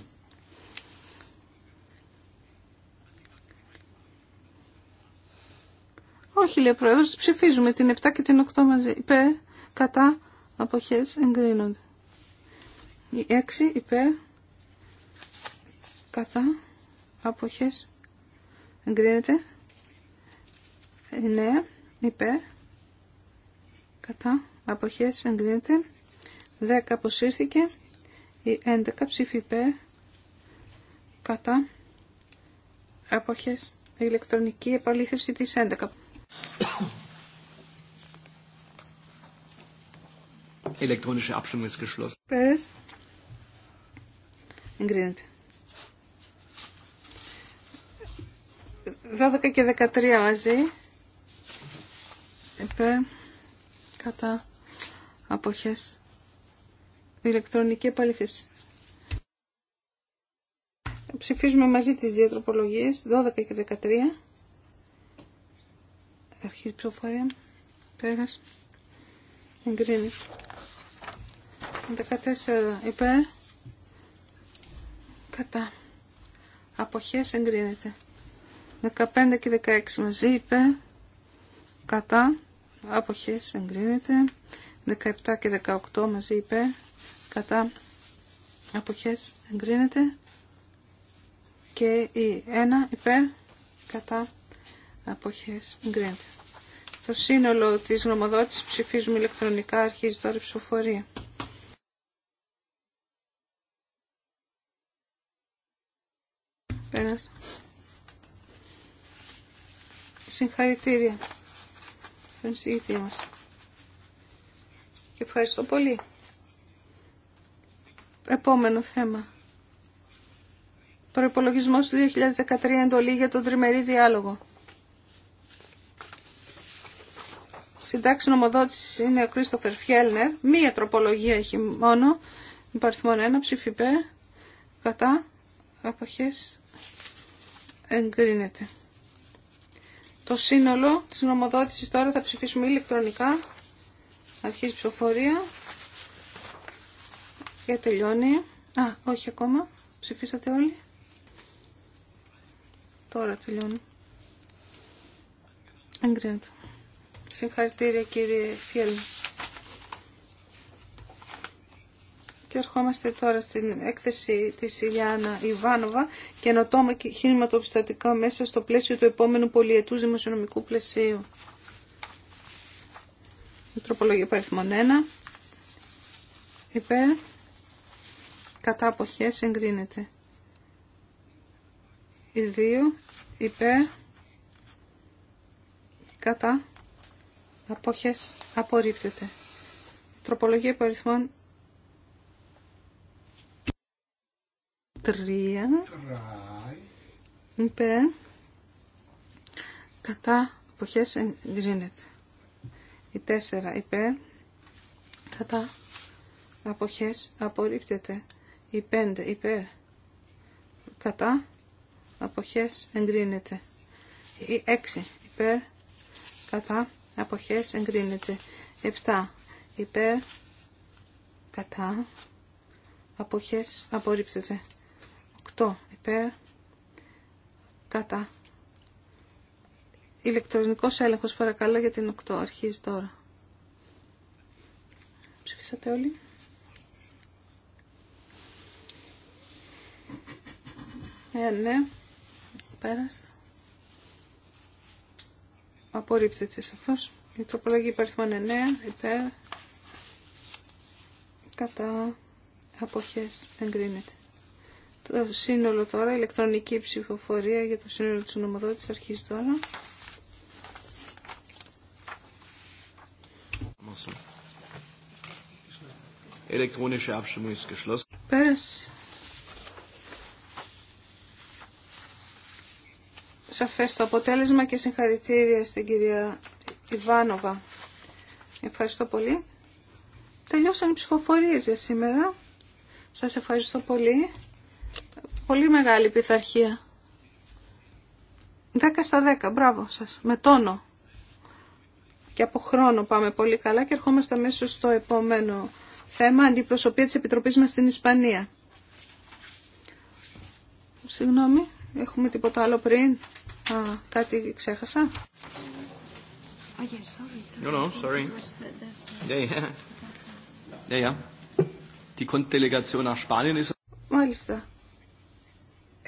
Όχι, λέει ο Πρόεδρος, ψηφίζουμε την 7 και την 8 μαζί. Υπέρ, κατά, αποχές, εγκρίνονται. Η 6 υπέρ, κατά, αποχές, εγκρίνεται. 9 υπέρ κατά αποχές εγκρίνεται 10 αποσύρθηκε η 11 ψήφι υπέρ κατά αποχές ηλεκτρονική επαλήθευση της 11 Ηλεκτρονική Abstimmung geschlossen. Εγκρίνεται. 12 και 13 μαζί επε κατά αποχές ηλεκτρονική επαλήθευση. Ψηφίζουμε μαζί τις δύο 12 και 13. Αρχή ψηφοφορία. Πέρας. Εγκρίνει. 14 υπέρ. Κατά. Αποχές εγκρίνεται. 15 και 16 μαζί υπέρ. Κατά αποχές εγκρίνεται 17 και 18 μαζί υπέρ κατά αποχές εγκρίνεται και η 1 υπέρ κατά αποχές εγκρίνεται το σύνολο της γνωμοδότησης ψηφίζουμε ηλεκτρονικά αρχίζει τώρα η ψηφοφορία Πέρασε. Συγχαρητήρια. Και ευχαριστώ πολύ. Επόμενο θέμα. Προπολογισμό του 2013 εντολή για τον τριμερή διάλογο. Συντάξει νομοδότηση είναι ο Κρίστοφερ Φιέλνερ. Μία τροπολογία έχει μόνο. μόνο ένα ψηφιπέ. Κατά. Αποχές. Εγκρίνεται το σύνολο της νομοδότησης τώρα θα ψηφίσουμε ηλεκτρονικά. Αρχίζει η ψηφοφορία. Και τελειώνει. Α, όχι ακόμα. Ψηφίσατε όλοι. Τώρα τελειώνει. Εγκρίνεται. Συγχαρητήρια κύριε Φιέλνη. Και ερχόμαστε τώρα στην έκθεση της Ιλιάνα Ιβάνοβα καινοτόμα και μέσα στο πλαίσιο του επόμενου πολιετούς δημοσιονομικού πλαισίου. Η τροπολογία παριθμών 1. Υπέρ. Κατά αποχές εγκρίνεται. Η 2. Υπέρ. Κατά αποχές απορρίπτεται. τροπολογία παριθμών τρία υπέρ κατά εποχές εγκρίνεται. Η τέσσερα υπέρ κατά αποχές απορρίπτεται. Η πέντε υπέρ κατά αποχές εγκρίνεται. Η έξι υπέρ κατά αποχές εγκρίνεται. Επτά υπέρ κατά αποχές απορρίπτεται αυτό υπέρ κατά ηλεκτρονικός έλεγχος παρακαλώ για την 8 αρχίζει τώρα ψηφίσατε όλοι ε, ναι πέρασε απορρίπτεται σαφώς η υπαριθμών 9 υπέρ κατά αποχές εγκρίνεται το σύνολο τώρα, ηλεκτρονική ψηφοφορία για το σύνολο της νομοδότησης αρχίζει τώρα. Ηλεκτρονική Abstimmung Σαφές το αποτέλεσμα και συγχαρητήρια στην κυρία Ιβάνοβα. Ευχαριστώ πολύ. Τελειώσαν οι ψηφοφορίες για σήμερα. Σας ευχαριστώ πολύ πολύ μεγάλη πειθαρχία. 10 στα 10, μπράβο σας, με τόνο. Και από χρόνο πάμε πολύ καλά και ερχόμαστε αμέσω στο επόμενο θέμα, αντιπροσωπεία της Επιτροπής μας στην Ισπανία. Συγγνώμη, έχουμε τίποτα άλλο πριν. Α, κάτι ξέχασα. Oh, no, no, sorry. Yeah, yeah. Μάλιστα.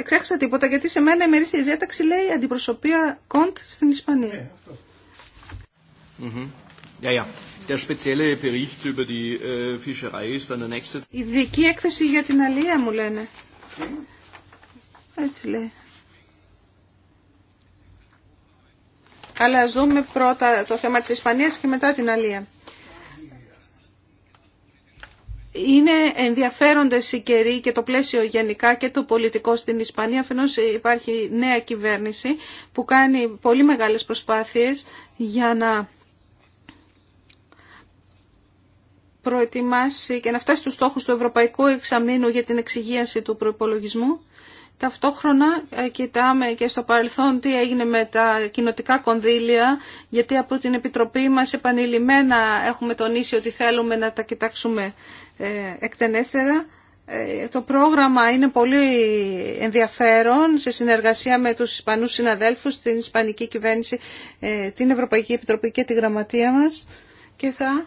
Ξέχασα τίποτα γιατί σε μένα η μερίστη διάταξη λέει αντιπροσωπεία κοντ στην Ισπανία. Η δική έκθεση για την αλία μου λένε. Έτσι λέει. Αλλά ας δούμε πρώτα το θέμα της Ισπανίας και μετά την αλία είναι ενδιαφέροντες οι καιροί και το πλαίσιο γενικά και το πολιτικό στην Ισπανία. Αφενό υπάρχει νέα κυβέρνηση που κάνει πολύ μεγάλε προσπάθειε για να προετοιμάσει και να φτάσει στους στόχους του Ευρωπαϊκού Εξαμήνου για την εξυγίαση του προϋπολογισμού. Ταυτόχρονα ε, κοιτάμε και στο παρελθόν τι έγινε με τα κοινοτικά κονδύλια, γιατί από την Επιτροπή μας επανειλημμένα έχουμε τονίσει ότι θέλουμε να τα κοιτάξουμε ε, εκτενέστερα. Ε, το πρόγραμμα είναι πολύ ενδιαφέρον σε συνεργασία με τους Ισπανούς συναδέλφους, την Ισπανική κυβέρνηση, την Ευρωπαϊκή Επιτροπή και τη Γραμματεία μας και θα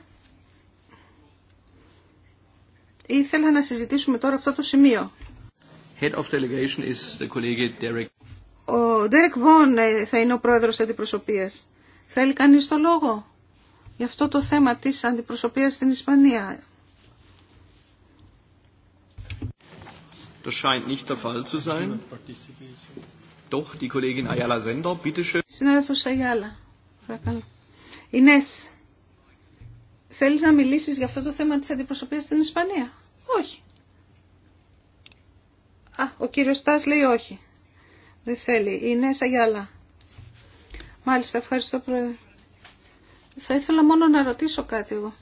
ήθελα να συζητήσουμε τώρα αυτό το σημείο. Head of delegation is the colleague Derek. Ο Derek Vaughan ε, θα είναι ο πρόεδρος αντιπροσωπείας. Θέλει κανείς το λόγο για αυτό το θέμα της αντιπροσωπείας στην Ισπανία. Das scheint nicht der Fall zu sein. Doch, die Kollegin Ayala Sender, bitte schön. Συνάδελφος Ayala, παρακαλώ. Ινές, θέλεις να μιλήσεις για αυτό το θέμα της αντιπροσωπείας στην Ισπανία. Όχι. Α, ο κύριο Στάς λέει όχι. Δεν θέλει. Είναι Νέσα Μάλιστα, ευχαριστώ πρόεδρε. Θα ήθελα μόνο να ρωτήσω κάτι εγώ.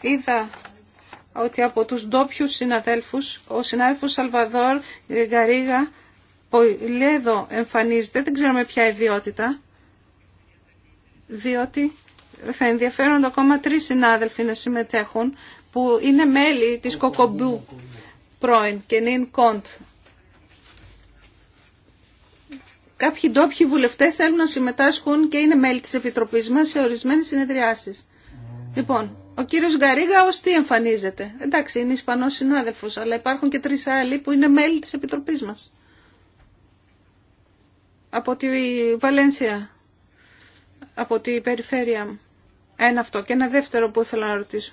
Είδα ότι από τους ντόπιου συναδέλφους, ο συνάδελφος Σαλβαδόρ Γαρίγα εδώ εμφανίζεται, δεν ξέρουμε ποια ιδιότητα, διότι θα ενδιαφέρονται ακόμα τρεις συνάδελφοι να συμμετέχουν που είναι μέλη της Κοκομπού πρώην και νυν κοντ. Κάποιοι ντόπιοι βουλευτές θέλουν να συμμετάσχουν και είναι μέλη της Επιτροπής μας σε ορισμένες συνεδριάσεις. Λοιπόν, ο κύριος Γκαρίγα ως τι εμφανίζεται. Εντάξει, είναι Ισπανός συνάδελφος, αλλά υπάρχουν και τρεις άλλοι που είναι μέλη της Επιτροπής μας. Από τη Βαλένσια, από τη περιφέρεια μου. Ένα αυτό. Και ένα δεύτερο που ήθελα να ρωτήσω.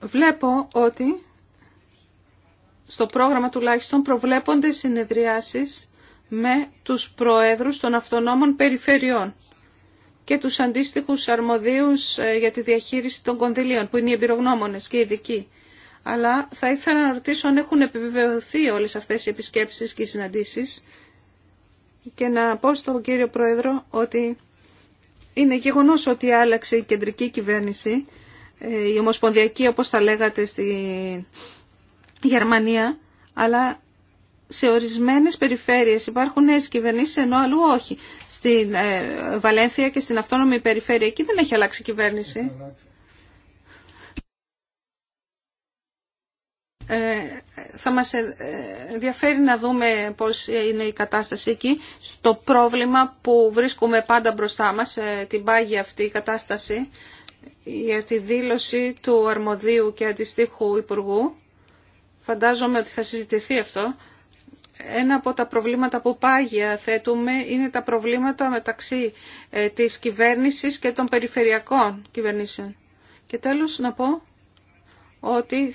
Βλέπω ότι στο πρόγραμμα τουλάχιστον προβλέπονται συνεδριάσεις με τους προέδρους των αυτονόμων περιφερειών και τους αντίστοιχους αρμοδίους ε, για τη διαχείριση των κονδυλίων, που είναι οι εμπειρογνώμονες και οι ειδικοί. Αλλά θα ήθελα να ρωτήσω αν έχουν επιβεβαιωθεί όλες αυτές οι επισκέψεις και οι συναντήσεις και να πω στον κύριο Πρόεδρο ότι είναι γεγονός ότι άλλαξε η κεντρική κυβέρνηση, ε, η ομοσπονδιακή όπως τα λέγατε στη Γερμανία, αλλά σε ορισμένες περιφέρειες υπάρχουν νέες κυβερνήσεις ενώ αλλού όχι. Στην ε, Βαλένθια και στην αυτόνομη περιφέρεια εκεί δεν έχει αλλάξει η κυβέρνηση. Ε, θα μας ε, ενδιαφέρει να δούμε πώς είναι η κατάσταση εκεί στο πρόβλημα που βρίσκουμε πάντα μπροστά μας ε, την πάγια αυτή η κατάσταση για τη δήλωση του αρμοδίου και αντιστοίχου υπουργού φαντάζομαι ότι θα συζητηθεί αυτό ένα από τα προβλήματα που πάγια θέτουμε είναι τα προβλήματα μεταξύ της κυβέρνησης και των περιφερειακών κυβερνήσεων και τέλος να πω ότι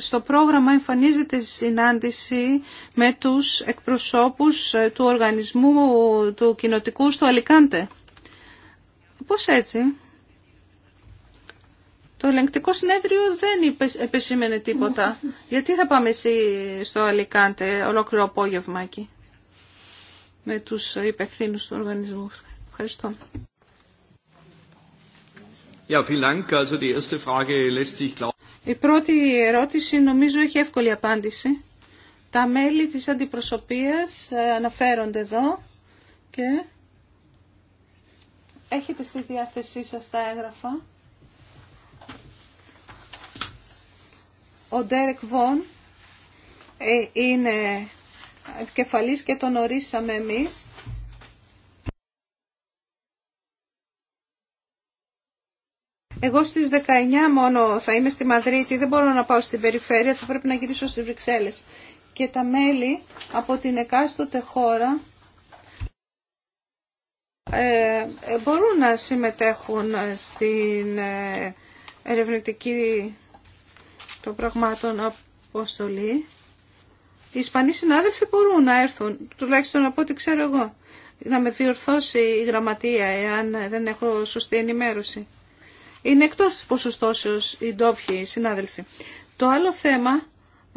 στο πρόγραμμα εμφανίζεται συνάντηση με τους εκπροσώπους ε, του οργανισμού του κοινοτικού στο Αλικάντε. Πώς έτσι. Το ελεγκτικό συνέδριο δεν επεσήμενε τίποτα. Γιατί θα πάμε εσύ στο Αλικάντε ολόκληρο απόγευμα εκεί με τους υπευθύνους του οργανισμού. Ευχαριστώ. Ja, Also die erste Frage η πρώτη ερώτηση νομίζω έχει εύκολη απάντηση. Τα μέλη της αντιπροσωπείας ε, αναφέρονται εδώ και έχετε στη διάθεσή σας τα έγγραφα. Ο Ντέρεκ Βον ε, είναι κεφαλής και τον ορίσαμε εμείς Εγώ στις 19 μόνο θα είμαι στη Μαδρίτη, δεν μπορώ να πάω στην περιφέρεια, θα πρέπει να γυρίσω στις Βρυξέλλες. Και τα μέλη από την εκάστοτε χώρα ε, μπορούν να συμμετέχουν στην ε, ερευνητική των πραγμάτων αποστολή. Οι Ισπανοί συνάδελφοι μπορούν να έρθουν, τουλάχιστον από ό,τι ξέρω εγώ. Να με διορθώσει η γραμματεία εάν δεν έχω σωστή ενημέρωση είναι εκτό της ποσοστώσεως οι ντόπιοι συνάδελφοι. Το άλλο θέμα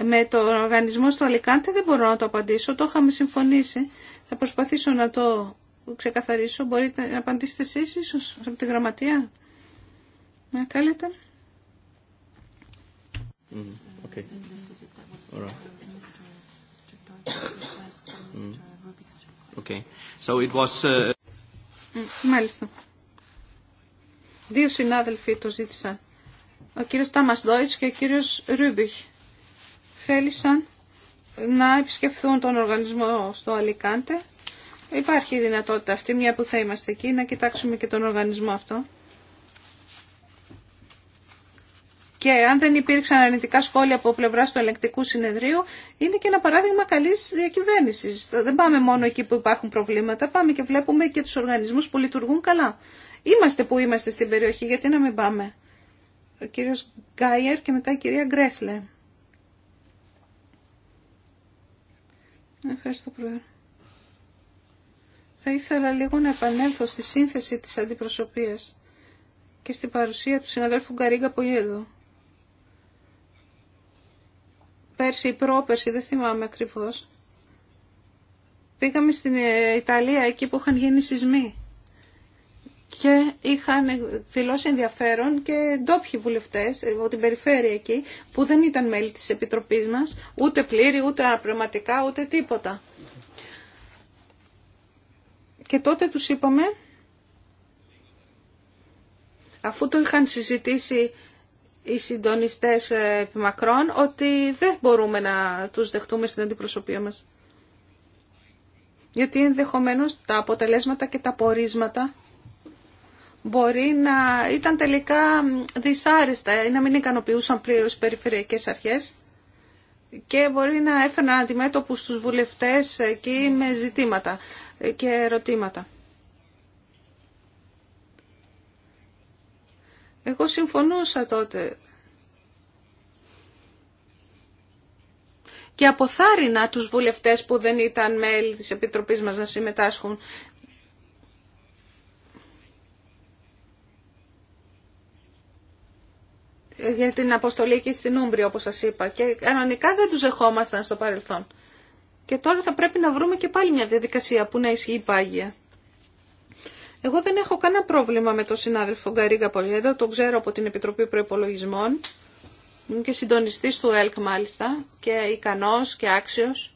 με το οργανισμό στο Αλικάντε δεν μπορώ να το απαντήσω, το είχαμε συμφωνήσει. Θα προσπαθήσω να το ξεκαθαρίσω. Μπορείτε να απαντήσετε εσείς ίσω από τη γραμματεία. Να καλέτε. Mm. Mm-hmm. Okay. Mm-hmm. Okay. So it was, uh, Μάλιστα. Δύο συνάδελφοι το ζήτησαν. Ο κύριος Τάμας Ντόιτς και ο κύριος Ρούμπιχ θέλησαν να επισκεφθούν τον οργανισμό στο Αλικάντε. Υπάρχει η δυνατότητα αυτή, μια που θα είμαστε εκεί, να κοιτάξουμε και τον οργανισμό αυτό. Και αν δεν υπήρξαν αρνητικά σχόλια από πλευρά του ελεκτικού συνεδρίου, είναι και ένα παράδειγμα καλή διακυβέρνηση. Δεν πάμε μόνο εκεί που υπάρχουν προβλήματα, πάμε και βλέπουμε και του οργανισμού που λειτουργούν καλά. Είμαστε που είμαστε στην περιοχή, γιατί να μην πάμε. Ο κύριος Γκάιερ και μετά η κυρία Γκρέσλε. Ευχαριστώ πρόεδρε. Θα ήθελα λίγο να επανέλθω στη σύνθεση της αντιπροσωπείας και στην παρουσία του συναδέλφου Γκαρίγκα εδώ; Πέρσι ή πρόπερσι, δεν θυμάμαι ακριβώς, πήγαμε στην ε, Ιταλία εκεί που είχαν γίνει σεισμοί και είχαν δηλώσει ενδιαφέρον και ντόπιοι βουλευτές ε, από την περιφέρεια εκεί που δεν ήταν μέλη της Επιτροπής μας, ούτε πλήρη, ούτε αναπληρωματικά, ούτε τίποτα. Και τότε τους είπαμε, αφού το είχαν συζητήσει οι συντονιστές ε, επί ότι δεν μπορούμε να τους δεχτούμε στην αντιπροσωπεία μας. Γιατί ενδεχομένως τα αποτελέσματα και τα πορίσματα μπορεί να ήταν τελικά δυσάρεστα ή να μην ικανοποιούσαν πλήρως περιφερειακές αρχές και μπορεί να έφεραν αντιμέτωπους τους βουλευτές εκεί με ζητήματα και ερωτήματα. Εγώ συμφωνούσα τότε και αποθάρρυνα τους βουλευτές που δεν ήταν μέλη της Επιτροπής μας να συμμετάσχουν για την αποστολή και στην Ούμπρη, όπως σας είπα. Και κανονικά δεν τους δεχόμασταν στο παρελθόν. Και τώρα θα πρέπει να βρούμε και πάλι μια διαδικασία που να ισχύει πάγια. Εγώ δεν έχω κανένα πρόβλημα με τον συνάδελφο Γκαρίγα Πολιέδο, τον ξέρω από την Επιτροπή Προπολογισμών. και συντονιστής του ΕΛΚ μάλιστα και ικανός και άξιος.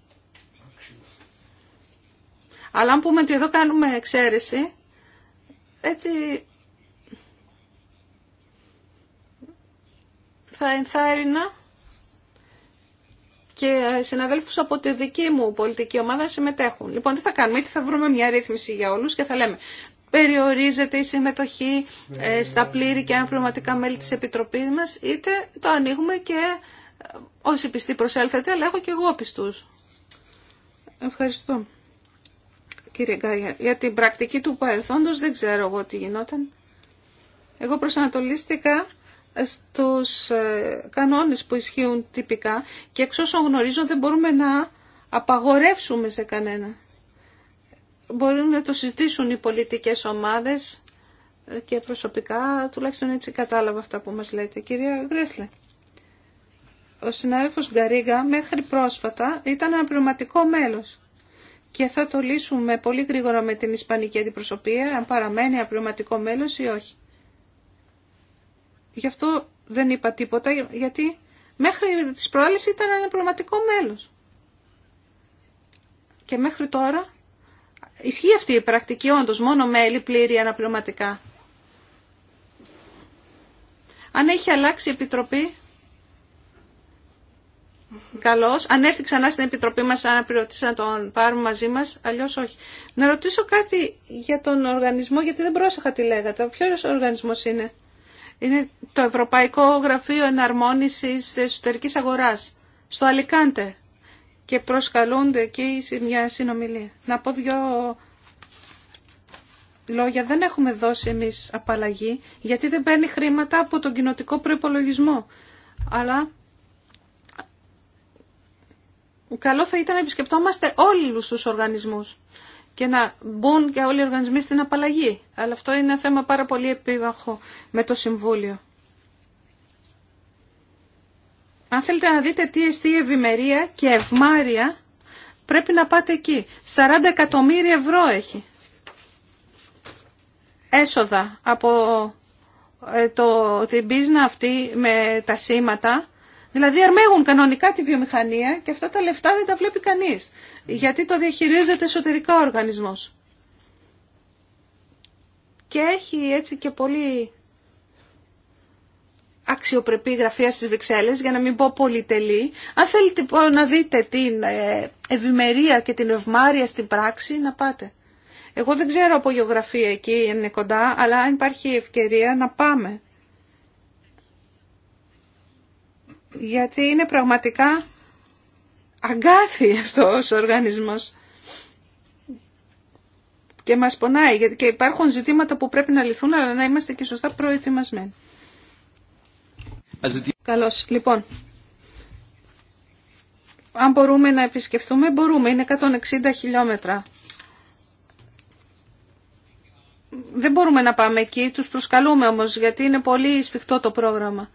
Αλλά αν πούμε ότι εδώ κάνουμε εξαίρεση, έτσι θα ενθάρρυνα και συναδέλφους από τη δική μου πολιτική ομάδα συμμετέχουν. Λοιπόν, τι θα κάνουμε, είτε θα βρούμε μια ρύθμιση για όλους και θα λέμε περιορίζεται η συμμετοχή ε, στα πλήρη και αναπληρωματικά μέλη της Επιτροπής μας, είτε το ανοίγουμε και ε, όσοι πιστοί προσέλθετε, αλλά έχω και εγώ πιστούς. Ευχαριστώ. Κύριε Γκάγια, για την πρακτική του παρελθόντος δεν ξέρω εγώ τι γινόταν. Εγώ προσανατολίστηκα στους ε, κανόνες που ισχύουν τυπικά και εξ όσων γνωρίζω δεν μπορούμε να απαγορεύσουμε σε κανένα. Μπορούν να το συζητήσουν οι πολιτικές ομάδες ε, και προσωπικά, τουλάχιστον έτσι κατάλαβα αυτά που μας λέτε. Κυρία Γκρέσλε, ο συνάδελφος Γκαρίγα μέχρι πρόσφατα ήταν ένα πνευματικό μέλος και θα το λύσουμε πολύ γρήγορα με την Ισπανική Αντιπροσωπεία, αν παραμένει απληρωματικό μέλος ή όχι. Γι' αυτό δεν είπα τίποτα, γιατί μέχρι τις προάλλες ήταν ένα πραγματικό μέλος. Και μέχρι τώρα ισχύει αυτή η πρακτική όντως, μόνο μέλη πλήρη αναπληρωματικά. Αν έχει αλλάξει η Επιτροπή, καλώς. Αν έρθει ξανά στην Επιτροπή μας αναπληρωτής να τον πάρουμε μαζί μας, αλλιώς όχι. Να ρωτήσω κάτι για τον οργανισμό, γιατί δεν πρόσεχα τι λέγατε. Ποιος οργανισμός είναι είναι το Ευρωπαϊκό Γραφείο Εναρμόνισης Εσωτερικής Αγοράς στο Αλικάντε και προσκαλούνται εκεί σε μια συνομιλία. Να πω δυο λόγια. Δεν έχουμε δώσει εμείς απαλλαγή γιατί δεν παίρνει χρήματα από τον κοινοτικό προϋπολογισμό. Αλλά καλό θα ήταν να επισκεπτόμαστε όλους τους οργανισμούς και να μπουν και όλοι οι οργανισμοί στην απαλλαγή. Αλλά αυτό είναι ένα θέμα πάρα πολύ επίβαχο με το Συμβούλιο. Αν θέλετε να δείτε τι εστί ευημερία και ευμάρια, πρέπει να πάτε εκεί. 40 εκατομμύρια ευρώ έχει έσοδα από ε, το, την πίσνα αυτή με τα σήματα Δηλαδή αρμέγουν κανονικά τη βιομηχανία και αυτά τα λεφτά δεν τα βλέπει κανείς. Γιατί το διαχειρίζεται εσωτερικά ο οργανισμός. Και έχει έτσι και πολύ αξιοπρεπή γραφεία στις Βρυξέλλες, για να μην πω πολύ τελή. Αν θέλετε λοιπόν να δείτε την ε, ευημερία και την ευμάρεια στην πράξη, να πάτε. Εγώ δεν ξέρω από γεωγραφία εκεί είναι κοντά, αλλά αν υπάρχει ευκαιρία να πάμε. γιατί είναι πραγματικά αγκάθι αυτός ο οργανισμός και μας πονάει και υπάρχουν ζητήματα που πρέπει να λυθούν αλλά να είμαστε και σωστά προετοιμασμένοι. Καλώς. Λοιπόν, αν μπορούμε να επισκεφτούμε, μπορούμε. Είναι 160 χιλιόμετρα. Δεν μπορούμε να πάμε εκεί, τους προσκαλούμε όμως γιατί είναι πολύ σφιχτό το πρόγραμμα.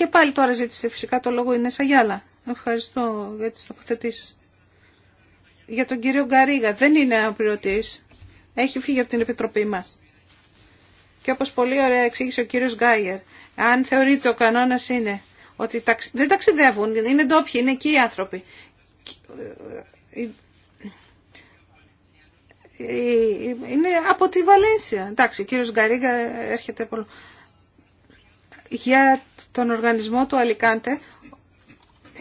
Και πάλι τώρα ζήτησε φυσικά το λόγο είναι σαν Γιάλα. Ευχαριστώ για τις τοποθετήσεις. Για τον κύριο Γκαρίγα. Δεν είναι αναπληρωτής. Έχει φύγει από την Επιτροπή μας. Και όπως πολύ ωραία εξήγησε ο κύριος Γκάιερ, αν θεωρείται ο κανόνας είναι ότι δεν ταξιδεύουν, είναι ντόπιοι, είναι εκεί οι άνθρωποι. Είναι από τη Βαλένσια. Εντάξει, ο κύριος Γκαρίγα έρχεται πολύ για τον οργανισμό του Αλικάντε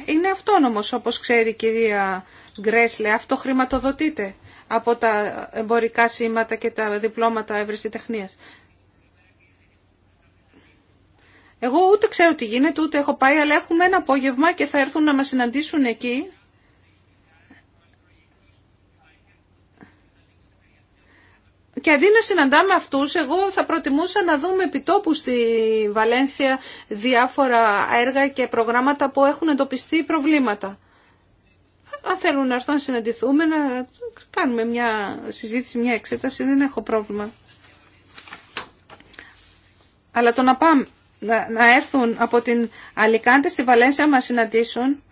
είναι αυτόνομος όπως ξέρει η κυρία Γκρέσλε, αυτό χρηματοδοτείται από τα εμπορικά σήματα και τα διπλώματα τεχνίας. Εγώ ούτε ξέρω τι γίνεται, ούτε έχω πάει, αλλά έχουμε ένα απόγευμα και θα έρθουν να μας συναντήσουν εκεί Και αντί να συναντάμε αυτούς, εγώ θα προτιμούσα να δούμε επιτόπου στη Βαλένθια διάφορα έργα και προγράμματα που έχουν εντοπιστεί προβλήματα. Αν θέλουν να έρθουν να συναντηθούμε, να κάνουμε μια συζήτηση, μια εξέταση, δεν έχω πρόβλημα. Αλλά το να πάμε, να έρθουν από την Αλικάντε στη Βαλένθια να μας συναντήσουν,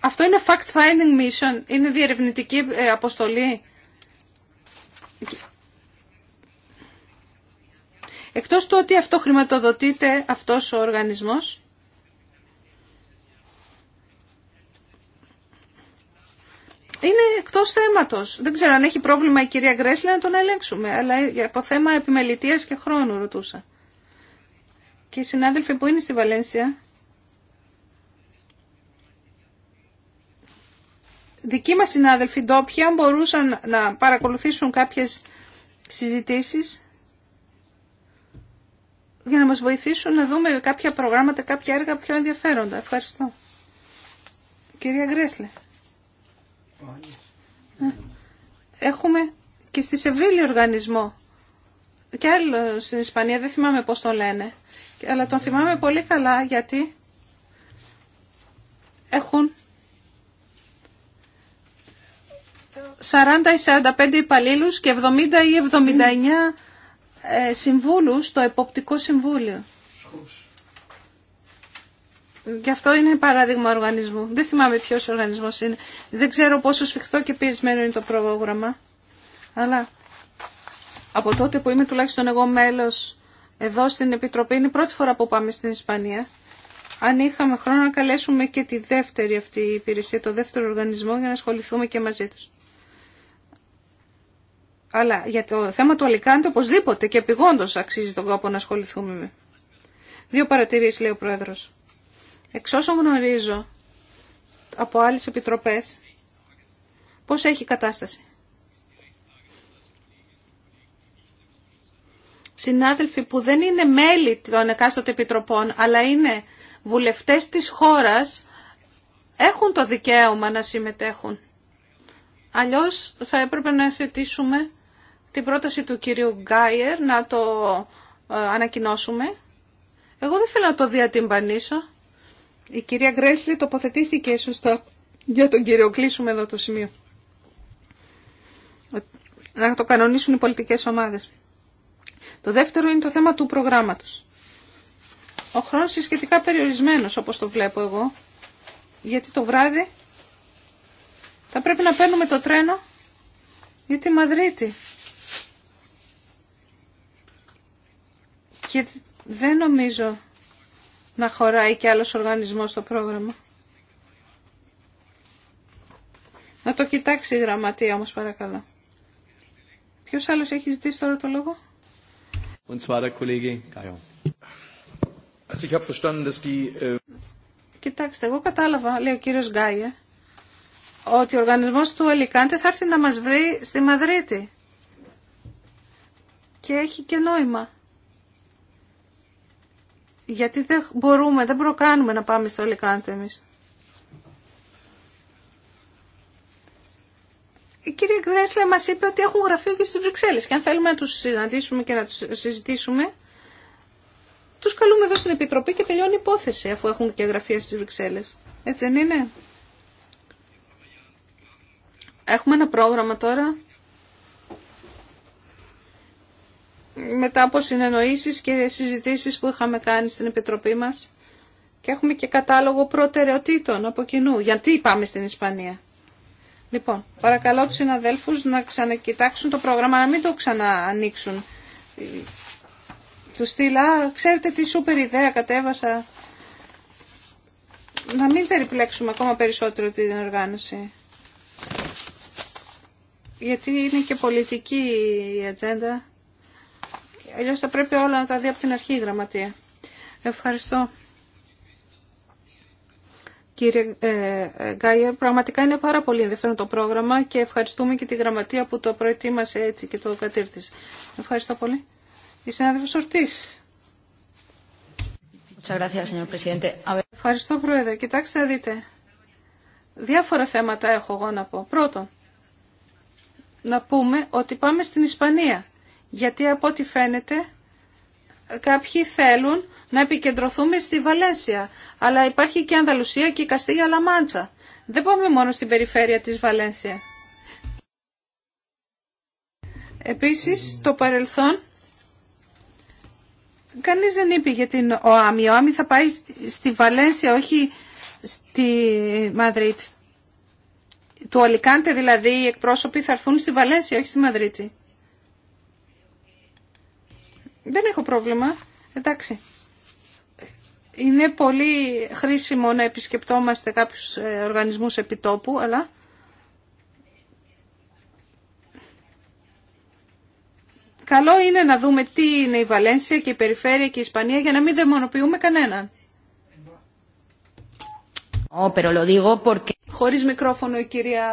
αυτό είναι fact-finding mission, είναι διερευνητική ε, αποστολή. Εκτός του ότι αυτό χρηματοδοτείται αυτός ο οργανισμός, είναι εκτός θέματος. Δεν ξέρω αν έχει πρόβλημα η κυρία Γκρέσλε να τον ελέγξουμε, αλλά από θέμα επιμελητίας και χρόνου ρωτούσα. Και οι συνάδελφοι που είναι στη Βαλένσια, δικοί μας συνάδελφοι ντόπια μπορούσαν να παρακολουθήσουν κάποιες συζητήσεις για να μας βοηθήσουν να δούμε κάποια προγράμματα, κάποια έργα πιο ενδιαφέροντα. Ευχαριστώ. Κυρία Γκρέσλε. Ε, έχουμε και στη Σεβίλη οργανισμό. Και άλλο στην Ισπανία, δεν θυμάμαι πώς τον λένε. Αλλά τον θυμάμαι πολύ καλά γιατί έχουν 40 ή 45 υπαλλήλους και 70 ή 79 ε, συμβούλου στο Εποπτικό Συμβούλιο. Γι' αυτό είναι παράδειγμα οργανισμού. Δεν θυμάμαι ποιος οργανισμός είναι. Δεν ξέρω πόσο σφιχτό και πιεσμένο είναι το πρόγραμμα. Αλλά από τότε που είμαι τουλάχιστον εγώ μέλος εδώ στην Επιτροπή, είναι η πρώτη φορά που πάμε στην Ισπανία. Αν είχαμε χρόνο να καλέσουμε και τη δεύτερη αυτή υπηρεσία, το δεύτερο οργανισμό για να ασχοληθούμε και μαζί τους. Αλλά για το θέμα του Αλικάντε οπωσδήποτε και επιγόντω αξίζει τον κόπο να ασχοληθούμε με. Δύο παρατηρήσει, λέει ο πρόεδρο. Εξ όσων γνωρίζω από άλλε επιτροπές, πώς έχει η κατάσταση. Συνάδελφοι που δεν είναι μέλη των εκάστοτε επιτροπών, αλλά είναι βουλευτές της χώρας, έχουν το δικαίωμα να συμμετέχουν. Αλλιώς θα έπρεπε να εθετήσουμε την πρόταση του κυρίου Γκάιερ να το ε, ανακοινώσουμε. Εγώ δεν θέλω να το διατυμπανίσω. Η κυρία Γκρέσλι τοποθετήθηκε σωστά για τον κύριο. Κλείσουμε εδώ το σημείο. Να το κανονίσουν οι πολιτικές ομάδες. Το δεύτερο είναι το θέμα του προγράμματος. Ο χρόνος είναι σχετικά περιορισμένος όπως το βλέπω εγώ. Γιατί το βράδυ θα πρέπει να παίρνουμε το τρένο για τη Μαδρίτη. και δεν νομίζω να χωράει και άλλος οργανισμός στο πρόγραμμα. Να το κοιτάξει η γραμματεία όμως παρακαλώ. Ποιος άλλος έχει ζητήσει τώρα το λόγο? Äh, Κοιτάξτε, εγώ κατάλαβα, λέει ο κύριος Γκάιε, ότι ο οργανισμός του Ελικάντε θα έρθει να μας βρει στη Μαδρίτη. Και έχει και νόημα. Γιατί δεν μπορούμε, δεν προκάνουμε να πάμε στο Αλικάντο εμείς. Η κυρία Γκρέσλε μας είπε ότι έχουν γραφείο και στις Βρυξέλλες και αν θέλουμε να τους συναντήσουμε και να τους συζητήσουμε, τους καλούμε εδώ στην Επιτροπή και τελειώνει η υπόθεση αφού έχουν και γραφεία στις Βρυξέλλες. Έτσι δεν είναι. Έχουμε ένα πρόγραμμα τώρα μετά από συνεννοήσεις και συζητήσεις που είχαμε κάνει στην Επιτροπή μας και έχουμε και κατάλογο προτεραιοτήτων από κοινού. Γιατί πάμε στην Ισπανία. Λοιπόν, παρακαλώ τους συναδέλφους να ξανακοιτάξουν το πρόγραμμα, να μην το ξαναανοίξουν. Του στείλα, ξέρετε τι σούπερ ιδέα κατέβασα. Να μην περιπλέξουμε ακόμα περισσότερο την οργάνωση. Γιατί είναι και πολιτική η ατζέντα. Αλλιώ θα πρέπει όλα να τα δει από την αρχή η γραμματεία. Ευχαριστώ. Κύριε ε, ε, Γκάιερ, πραγματικά είναι πάρα πολύ ενδιαφέρον το πρόγραμμα και ευχαριστούμε και τη γραμματεία που το προετοίμασε έτσι και το κατήρθησε. Ευχαριστώ πολύ. Η συνάδελφος Ορτής. Ευχαριστώ, Πρόεδρε. Κοιτάξτε δείτε. Διάφορα θέματα έχω εγώ να πω. Πρώτον, να πούμε ότι πάμε στην Ισπανία γιατί από ό,τι φαίνεται κάποιοι θέλουν να επικεντρωθούμε στη Βαλένσια, αλλά υπάρχει και Ανδαλουσία και η Καστίγια Λαμάντσα. Δεν πάμε μόνο στην περιφέρεια της Βαλένσια. Επίσης, το παρελθόν, κανείς δεν είπε για την ΟΑΜΗ. Ο ΟΑΜΗ θα πάει στη Βαλένσια, όχι στη Μαδρίτη. Του Αλικάντε δηλαδή οι εκπρόσωποι θα έρθουν στη Βαλένσια, όχι στη Μαδρίτη. Δεν έχω πρόβλημα. Εντάξει. Είναι πολύ χρήσιμο να επισκεπτόμαστε κάποιους ε, οργανισμούς επιτόπου, αλλά... Καλό είναι να δούμε τι είναι η Βαλένσια και η Περιφέρεια και η Ισπανία για να μην δαιμονοποιούμε κανέναν. Χωρίς μικρόφωνο η κυρία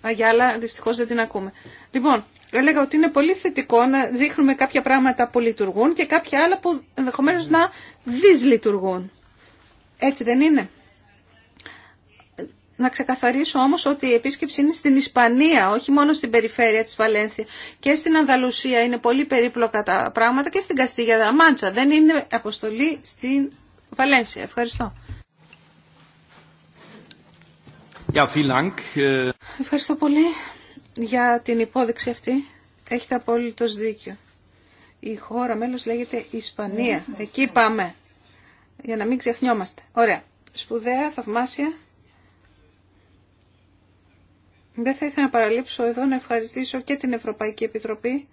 Αγιάλα, δυστυχώς δεν την ακούμε. Λοιπόν, έλεγα ότι είναι πολύ θετικό να δείχνουμε κάποια πράγματα που λειτουργούν και κάποια άλλα που ενδεχομένω να δυσλειτουργούν. Έτσι δεν είναι. Να ξεκαθαρίσω όμως ότι η επίσκεψη είναι στην Ισπανία, όχι μόνο στην περιφέρεια της Βαλένθια. Και στην Ανδαλουσία είναι πολύ περίπλοκα τα πράγματα και στην Καστίγια Δαμάντσα. Δεν είναι αποστολή στην Βαλένθια. Ευχαριστώ. Ε. Ευχαριστώ πολύ για την υπόδειξη αυτή έχετε απόλυτο δίκιο. Η χώρα μέλος λέγεται Ισπανία. Ναι. Εκεί πάμε. Για να μην ξεχνιόμαστε. Ωραία. Σπουδαία, θαυμάσια. Δεν θα ήθελα να παραλείψω εδώ να ευχαριστήσω και την Ευρωπαϊκή Επιτροπή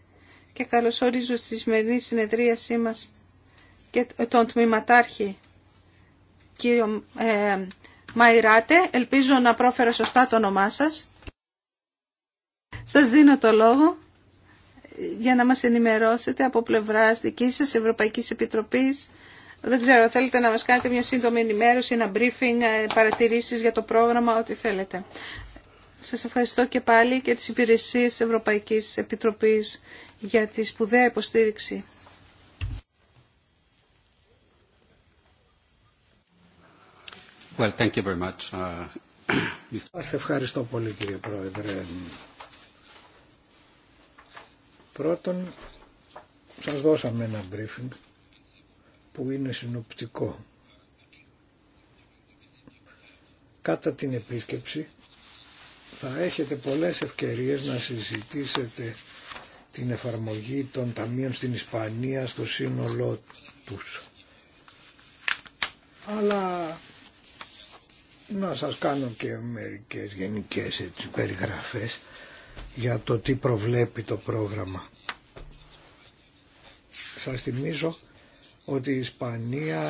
και καλωσορίζω στη σημερινή συνεδρίασή μας και τον τμήματάρχη κύριο ε, Μαϊράτε. Ελπίζω να πρόφερα σωστά το όνομά σας. Σας δίνω το λόγο για να μας ενημερώσετε από πλευράς δικής σας Ευρωπαϊκής Επιτροπής. Δεν ξέρω, θέλετε να μας κάνετε μια σύντομη ενημέρωση, ένα briefing, ε, παρατηρήσεις για το πρόγραμμα, ό,τι θέλετε. Σας ευχαριστώ και πάλι και τις υπηρεσίες της Ευρωπαϊκής Επιτροπής για τη σπουδαία υποστήριξη. Well, thank you very much. Uh, σας ευχαριστώ πολύ κύριε Πρόεδρε. Πρώτον, σας δώσαμε ένα briefing που είναι συνοπτικό. Κατά την επίσκεψη θα έχετε πολλές ευκαιρίες να συζητήσετε την εφαρμογή των ταμείων στην Ισπανία στο σύνολό τους. Αλλά να σας κάνω και μερικές γενικές έτσι, περιγραφές για το τι προβλέπει το πρόγραμμα. Σας θυμίζω ότι η Ισπανία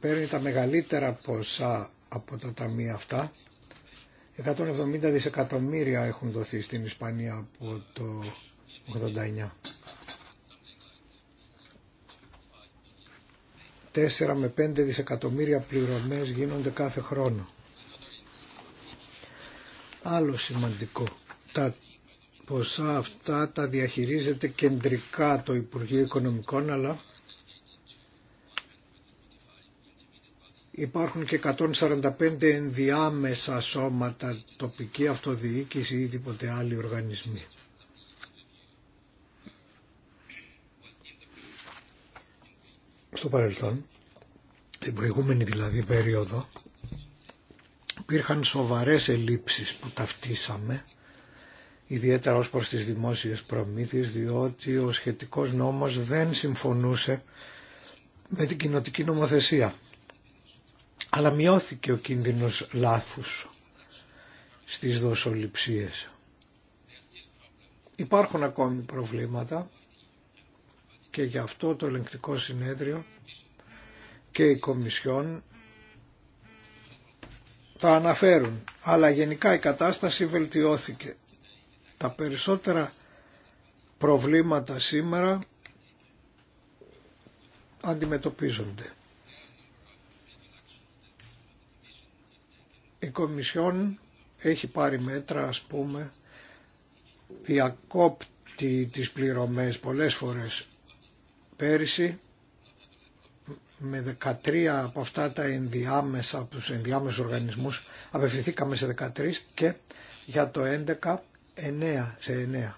παίρνει τα μεγαλύτερα ποσά από τα ταμεία αυτά. 170 δισεκατομμύρια έχουν δοθεί στην Ισπανία από το 89. 4 με 5 δισεκατομμύρια πληρωμές γίνονται κάθε χρόνο. Άλλο σημαντικό τα ποσά αυτά τα διαχειρίζεται κεντρικά το Υπουργείο Οικονομικών αλλά υπάρχουν και 145 ενδιάμεσα σώματα τοπική αυτοδιοίκηση ή τίποτε άλλοι οργανισμοί. Στο παρελθόν, την προηγούμενη δηλαδή περίοδο, υπήρχαν σοβαρές ελλείψεις που ταυτίσαμε ιδιαίτερα ως προς τις δημόσιες προμήθειες, διότι ο σχετικός νόμος δεν συμφωνούσε με την κοινοτική νομοθεσία. Αλλά μειώθηκε ο κίνδυνος λάθους στις δοσοληψίες. Υπάρχουν ακόμη προβλήματα και γι' αυτό το ελεγκτικό συνέδριο και η Κομισιόν τα αναφέρουν. Αλλά γενικά η κατάσταση βελτιώθηκε τα περισσότερα προβλήματα σήμερα αντιμετωπίζονται. Η Κομισιόν έχει πάρει μέτρα ας πούμε διακόπτει τις πληρωμές πολλές φορές πέρυσι με 13 από αυτά τα ενδιάμεσα από τους ενδιάμεσους οργανισμούς απευθυνθήκαμε σε 13 και για το 11 9 σε 9.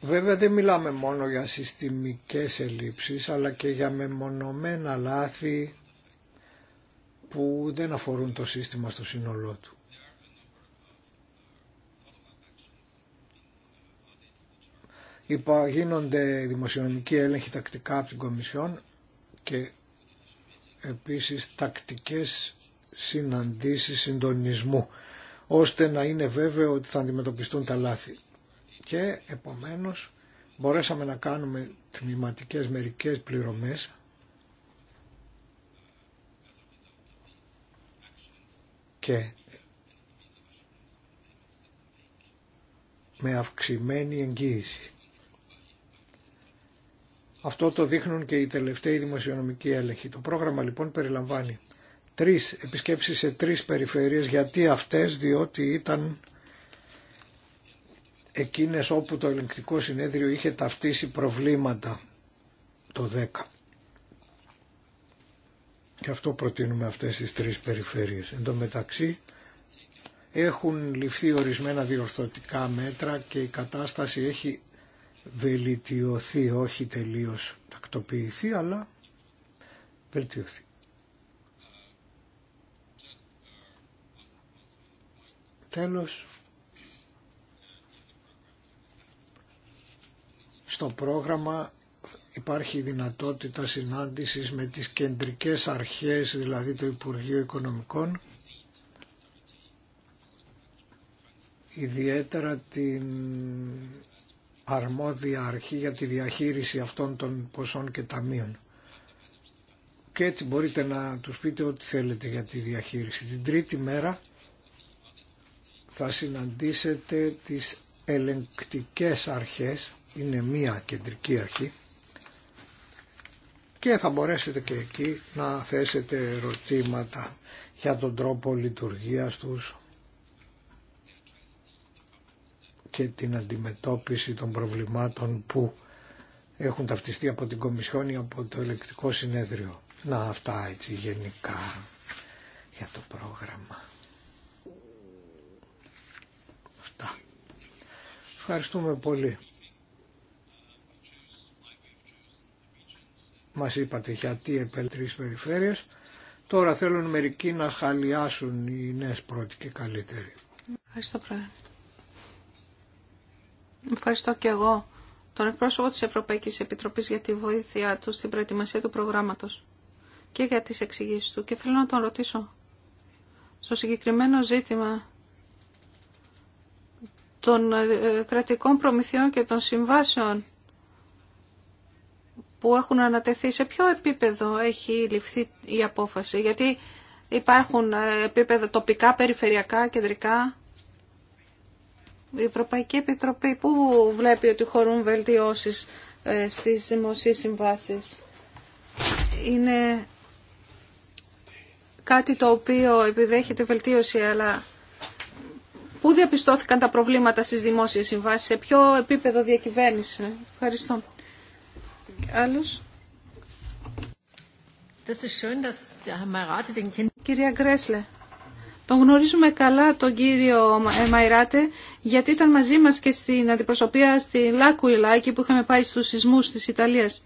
Βέβαια δεν μιλάμε μόνο για συστημικές ελλείψεις αλλά και για μεμονωμένα λάθη που δεν αφορούν το σύστημα στο σύνολό του. Υπά, γίνονται δημοσιονομικοί έλεγχοι τακτικά από την Κομισιόν και επίσης τακτικές συναντήσεις συντονισμού ώστε να είναι βέβαιο ότι θα αντιμετωπιστούν τα λάθη. Και επομένως μπορέσαμε να κάνουμε τμηματικές μερικές πληρωμές και με αυξημένη εγγύηση. Αυτό το δείχνουν και οι τελευταίοι δημοσιονομικοί έλεγχοι. Το πρόγραμμα λοιπόν περιλαμβάνει τρεις επισκέψεις σε τρεις περιφέρειες. Γιατί αυτές, διότι ήταν εκείνες όπου το ελεγκτικό συνέδριο είχε ταυτίσει προβλήματα το 10. Και αυτό προτείνουμε αυτές τις τρεις περιφέρειες. Εν τω μεταξύ έχουν ληφθεί ορισμένα διορθωτικά μέτρα και η κατάσταση έχει βελτιωθεί, όχι τελείως τακτοποιηθεί, αλλά βελτιωθεί. Τέλος, στο πρόγραμμα υπάρχει δυνατότητα συνάντησης με τις κεντρικές αρχές, δηλαδή το Υπουργείο Οικονομικών, ιδιαίτερα την αρμόδια αρχή για τη διαχείριση αυτών των ποσών και ταμείων. Και έτσι μπορείτε να τους πείτε ό,τι θέλετε για τη διαχείριση. Την τρίτη μέρα θα συναντήσετε τις ελεγκτικές αρχές, είναι μία κεντρική αρχή, και θα μπορέσετε και εκεί να θέσετε ερωτήματα για τον τρόπο λειτουργίας τους και την αντιμετώπιση των προβλημάτων που έχουν ταυτιστεί από την Κομισιόν ή από το Ελεκτικό Συνέδριο. Να αυτά έτσι γενικά για το πρόγραμμα. Αυτά. Ευχαριστούμε πολύ. Μας είπατε γιατί επέλτρεις περιφέρειες. Τώρα θέλουν μερικοί να χαλιάσουν οι νέες πρώτοι και καλύτεροι. Ευχαριστώ Ευχαριστώ και εγώ τον εκπρόσωπο της Ευρωπαϊκής Επιτροπής για τη βοήθειά του στην προετοιμασία του προγράμματος και για τις εξηγήσεις του. Και θέλω να τον ρωτήσω στο συγκεκριμένο ζήτημα των ε, κρατικών προμηθειών και των συμβάσεων που έχουν ανατεθεί, σε ποιο επίπεδο έχει ληφθεί η απόφαση. Γιατί υπάρχουν ε, επίπεδα τοπικά, περιφερειακά, κεντρικά η Ευρωπαϊκή Επιτροπή που βλέπει ότι χωρούν βελτιώσεις ε, στις δημοσίες συμβάσεις. Είναι κάτι το οποίο επιδέχεται βελτίωση, αλλά πού διαπιστώθηκαν τα προβλήματα στις δημόσιες συμβάσεις, σε ποιο επίπεδο διακυβέρνηση. Ε? Ευχαριστώ. Άλλος. Κυρία Γκρέσλε. Τον γνωρίζουμε καλά τον κύριο ε, Μαϊράτε, γιατί ήταν μαζί μας και στην αντιπροσωπεία στη Λάκουιλα, εκεί που είχαμε πάει στους σεισμούς της Ιταλίας.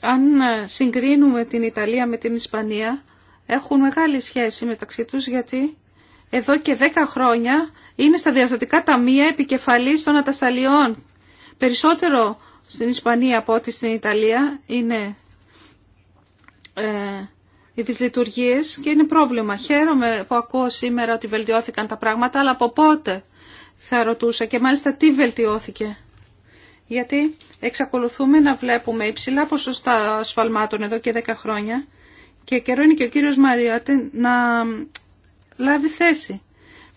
Αν ε, συγκρίνουμε την Ιταλία με την Ισπανία, έχουν μεγάλη σχέση μεταξύ τους, γιατί εδώ και 10 χρόνια είναι στα διαστατικά ταμεία επικεφαλής των ατασταλιών. Περισσότερο στην Ισπανία από ό,τι στην Ιταλία είναι... Ε, οι τις λειτουργίες και είναι πρόβλημα. Χαίρομαι που ακούω σήμερα ότι βελτιώθηκαν τα πράγματα, αλλά από πότε θα ρωτούσα και μάλιστα τι βελτιώθηκε. Γιατί εξακολουθούμε να βλέπουμε υψηλά ποσοστά ασφαλμάτων εδώ και 10 χρόνια και καιρό είναι και ο κύριος Μαριάτε να λάβει θέση.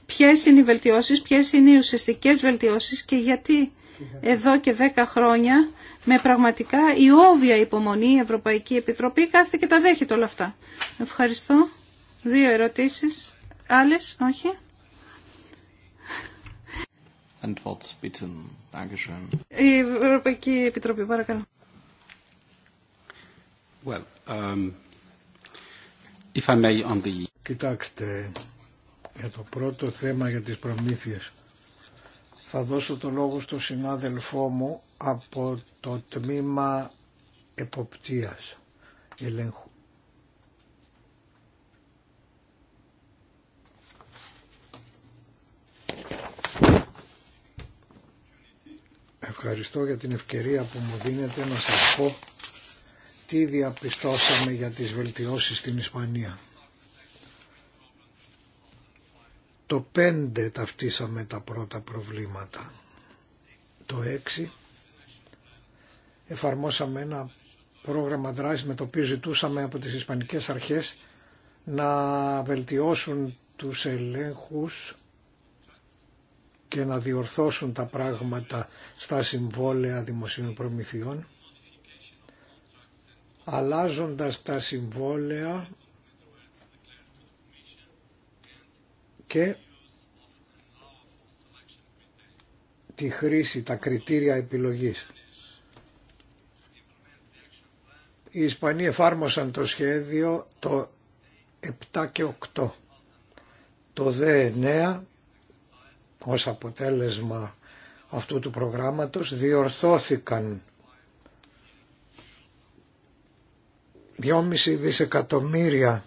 ποιε είναι οι βελτιώσεις, ποιε είναι οι ουσιαστικές βελτιώσεις και γιατί εδώ και 10 χρόνια με πραγματικά η όβια υπομονή η Ευρωπαϊκή Επιτροπή κάθεται και τα δέχεται όλα αυτά. Ευχαριστώ. Δύο ερωτήσεις. Άλλες, όχι. Η Ευρωπαϊκή Επιτροπή, παρακαλώ. Well, um, if I may on the... Κοιτάξτε, για το πρώτο θέμα για τις προμήθειες θα δώσω το λόγο στον συνάδελφό μου από το τμήμα εποπτείας ελέγχου. Ευχαριστώ για την ευκαιρία που μου δίνετε να σας πω τι διαπιστώσαμε για τις βελτιώσεις στην Ισπανία. Το 5 ταυτίσαμε τα πρώτα προβλήματα. Το 6 εφαρμόσαμε ένα πρόγραμμα δράσης με το οποίο ζητούσαμε από τις Ισπανικές Αρχές να βελτιώσουν τους ελέγχους και να διορθώσουν τα πράγματα στα συμβόλαια δημοσίων προμηθειών αλλάζοντας τα συμβόλαια και τη χρήση, τα κριτήρια επιλογής. Οι Ισπανοί εφάρμοσαν το σχέδιο το 7 και 8. Το ΔΕΝΕΑ 9 ως αποτέλεσμα αυτού του προγράμματος διορθώθηκαν 2,5 δισεκατομμύρια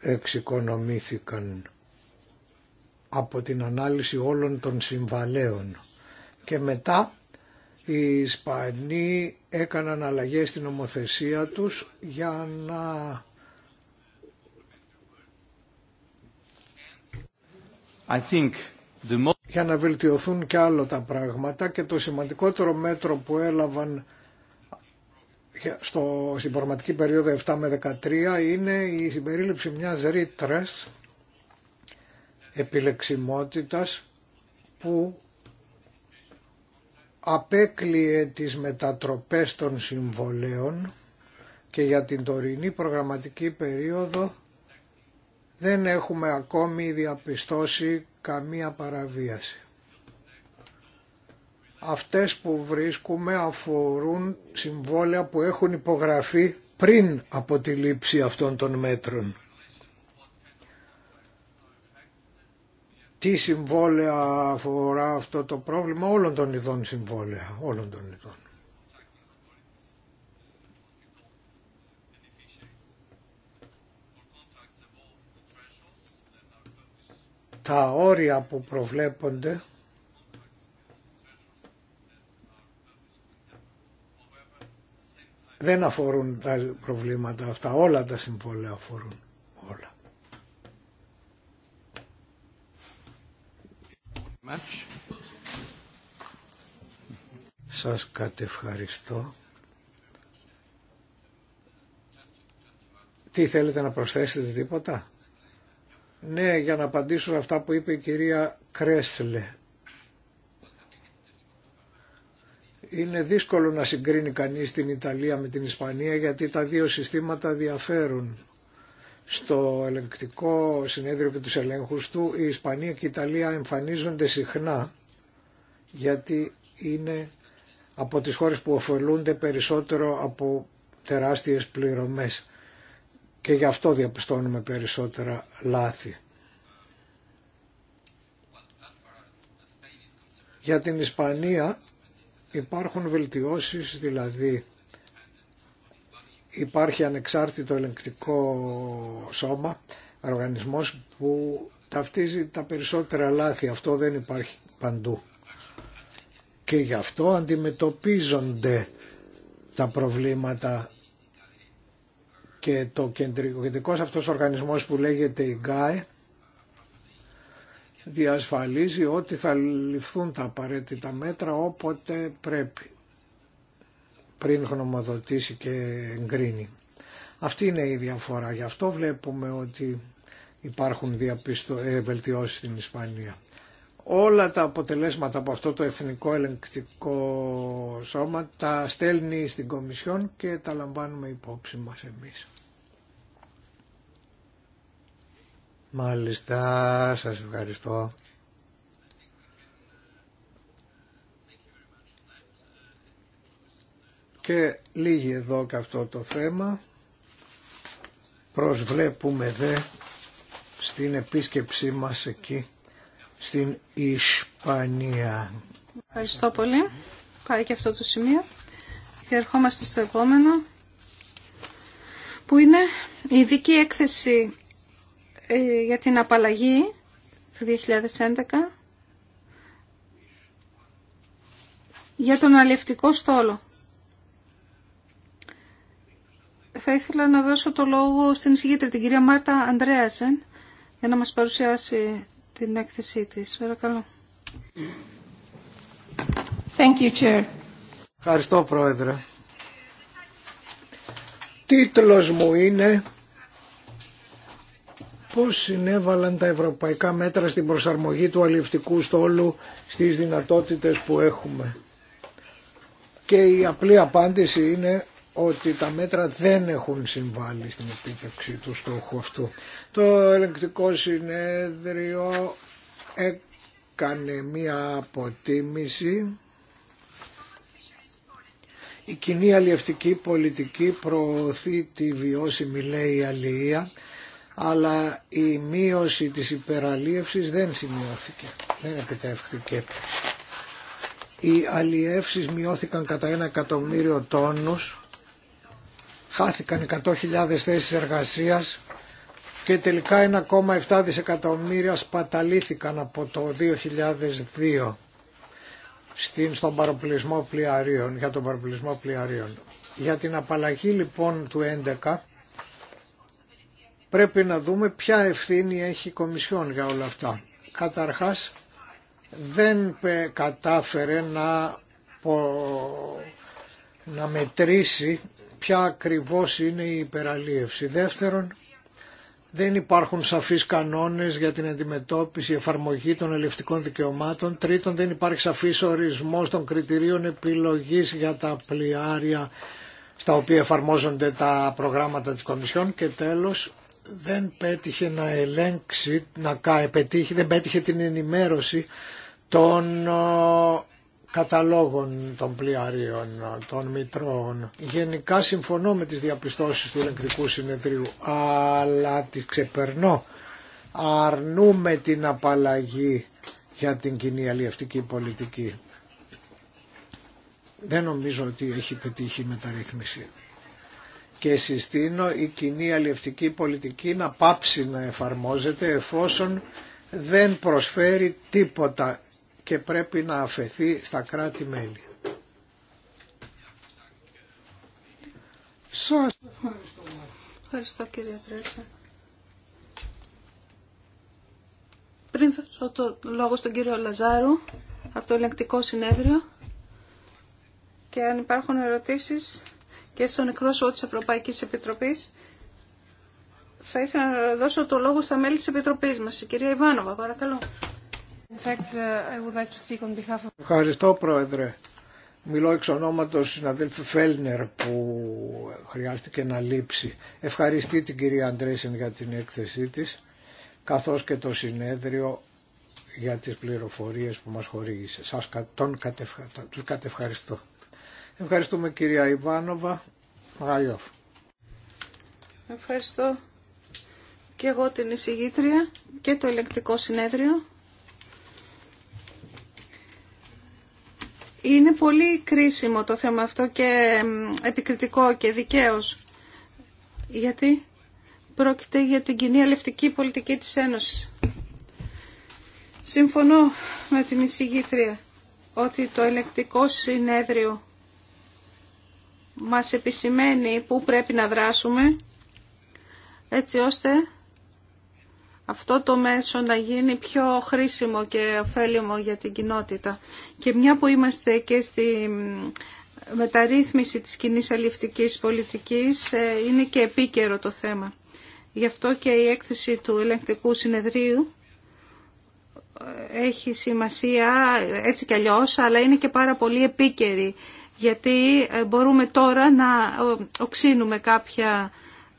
εξοικονομήθηκαν από την ανάλυση όλων των συμβαλέων. Και μετά οι Ισπανοί έκαναν αλλαγές στην ομοθεσία τους για να... για να βελτιωθούν και άλλο τα πράγματα και το σημαντικότερο μέτρο που έλαβαν στο, στην προγραμματική περίοδο 7 με 13 είναι η συμπερίληψη μιας ρήτρα επιλεξιμότητας που απέκλειε τις μετατροπές των συμβολέων και για την τωρινή προγραμματική περίοδο δεν έχουμε ακόμη διαπιστώσει καμία παραβίαση. Αυτές που βρίσκουμε αφορούν συμβόλαια που έχουν υπογραφεί πριν από τη λήψη αυτών των μέτρων. Τι συμβόλαια αφορά αυτό το πρόβλημα όλων των ειδών συμβόλαια, όλων των Τα όρια που προβλέπονται δεν αφορούν τα προβλήματα αυτά. Όλα τα συμβόλαια αφορούν. Όλα. Σας κατευχαριστώ. Τι θέλετε να προσθέσετε τίποτα. Ναι, για να απαντήσω αυτά που είπε η κυρία Κρέσλε. Είναι δύσκολο να συγκρίνει κανείς την Ιταλία με την Ισπανία γιατί τα δύο συστήματα διαφέρουν. Στο ελεγκτικό συνέδριο και τους ελέγχους του η Ισπανία και η Ιταλία εμφανίζονται συχνά γιατί είναι από τις χώρες που ωφελούνται περισσότερο από τεράστιες πληρωμές και γι' αυτό διαπιστώνουμε περισσότερα λάθη. Για την Ισπανία Υπάρχουν βελτιώσεις, δηλαδή υπάρχει ανεξάρτητο ελεγκτικό σώμα, οργανισμός που ταυτίζει τα περισσότερα λάθη. Αυτό δεν υπάρχει παντού. Και γι' αυτό αντιμετωπίζονται τα προβλήματα και το κεντρικός αυτός οργανισμός που λέγεται η ΓΑΕ διασφαλίζει ότι θα ληφθούν τα απαραίτητα μέτρα όποτε πρέπει πριν γνωμοδοτήσει και εγκρίνει. Αυτή είναι η διαφορά. Γι' αυτό βλέπουμε ότι υπάρχουν διαπιστω... ε, βελτιώσεις στην Ισπανία. Όλα τα αποτελέσματα από αυτό το Εθνικό Ελεγκτικό Σώμα τα στέλνει στην Κομισιόν και τα λαμβάνουμε υπόψη μας εμείς. Μάλιστα, σας ευχαριστώ. Και λίγη εδώ και αυτό το θέμα. Προσβλέπουμε δε στην επίσκεψή μας εκεί στην Ισπανία. Ευχαριστώ πολύ. Πάει και αυτό το σημείο. Και ερχόμαστε στο επόμενο που είναι η ειδική έκθεση ε, για την απαλλαγή του 2011 για τον αλληλευτικό στόλο. Θα ήθελα να δώσω το λόγο στην εισηγήτρια, την κυρία Μάρτα Ανδρέασεν, για να μας παρουσιάσει την έκθεσή της. Παρακαλώ. Thank you, Chair. Ευχαριστώ, Πρόεδρε. Τίτλος μου είναι πώς συνέβαλαν τα ευρωπαϊκά μέτρα στην προσαρμογή του αλληλευτικού στόλου στις δυνατότητες που έχουμε. Και η απλή απάντηση είναι ότι τα μέτρα δεν έχουν συμβάλει στην επίτευξη του στόχου αυτού. Το ελεγκτικό συνέδριο έκανε μία αποτίμηση. Η κοινή αλληλευτική πολιτική προωθεί τη βιώσιμη λέει αλληλεία αλλά η μείωση της υπεραλίευσης δεν σημειώθηκε, δεν επιτεύχθηκε. Οι αλλιεύσεις μειώθηκαν κατά ένα εκατομμύριο τόνους, χάθηκαν 100.000 θέσεις εργασίας και τελικά 1,7 δισεκατομμύρια σπαταλήθηκαν από το 2002 στον παροπλισμό για τον παροπλισμό πλοιαρίων. Για την απαλλαγή λοιπόν του 11 πρέπει να δούμε ποια ευθύνη έχει η Κομισιόν για όλα αυτά. Καταρχάς δεν κατάφερε να, να μετρήσει ποια ακριβώς είναι η υπεραλίευση. Δεύτερον, δεν υπάρχουν σαφείς κανόνες για την αντιμετώπιση, εφαρμογή των ελευτικών δικαιωμάτων. Τρίτον, δεν υπάρχει σαφής ορισμός των κριτηρίων επιλογής για τα πλοιάρια στα οποία εφαρμόζονται τα προγράμματα της Κομισιόν. Και τέλος, δεν πέτυχε να ελέγξει, να πετύχει, δεν πέτυχε την ενημέρωση των ε, καταλόγων των πλοιαρίων, των μητρώων. Γενικά συμφωνώ με τις διαπιστώσεις του ελεγκτικού συνεδρίου, αλλά τις ξεπερνώ. Αρνούμε την απαλλαγή για την κοινή αλλιευτική πολιτική. Δεν νομίζω ότι έχει πετύχει η μεταρρύθμιση και συστήνω η κοινή αλληλευτική πολιτική να πάψει να εφαρμόζεται εφόσον δεν προσφέρει τίποτα και πρέπει να αφαιθεί στα κράτη-μέλη. Σας ευχαριστώ. Ευχαριστώ κύριε Τρέσσα. Πριν δώσω το λόγο στον κύριο Λαζάρου από το ελεγκτικό συνέδριο και αν υπάρχουν ερωτήσεις και στον εκπρόσωπο της Ευρωπαϊκής Επιτροπής. Θα ήθελα να δώσω το λόγο στα μέλη της Επιτροπής μας. Η κυρία Ιβάνοβα, παρακαλώ. Uh, Ευχαριστώ, Πρόεδρε. Μιλώ εξ ονόματος συναδέλφου Φέλνερ που χρειάστηκε να λείψει. Ευχαριστεί την κυρία Αντρέσεν για την έκθεσή της, καθώς και το συνέδριο για τις πληροφορίες που μας χορήγησε. Σας τον τους κατευχαριστώ. Ευχαριστούμε κυρία Ιβάνοβα. Ραϊόφ. Ευχαριστώ και εγώ την εισηγήτρια και το ελεκτικό συνέδριο. Είναι πολύ κρίσιμο το θέμα αυτό και επικριτικό και δικαίως. Γιατί πρόκειται για την κοινή αλευτική πολιτική της Ένωσης. Συμφωνώ με την εισηγήτρια ότι το ελεκτικό συνέδριο μας επισημαίνει πού πρέπει να δράσουμε έτσι ώστε αυτό το μέσο να γίνει πιο χρήσιμο και ωφέλιμο για την κοινότητα. Και μια που είμαστε και στη μεταρρύθμιση της κοινή αλληλευτικής πολιτικής ε, είναι και επίκαιρο το θέμα. Γι' αυτό και η έκθεση του ελεγκτικού συνεδρίου ε, έχει σημασία έτσι κι αλλιώς, αλλά είναι και πάρα πολύ επίκαιρη γιατί ε, μπορούμε τώρα να ε, οξύνουμε κάποια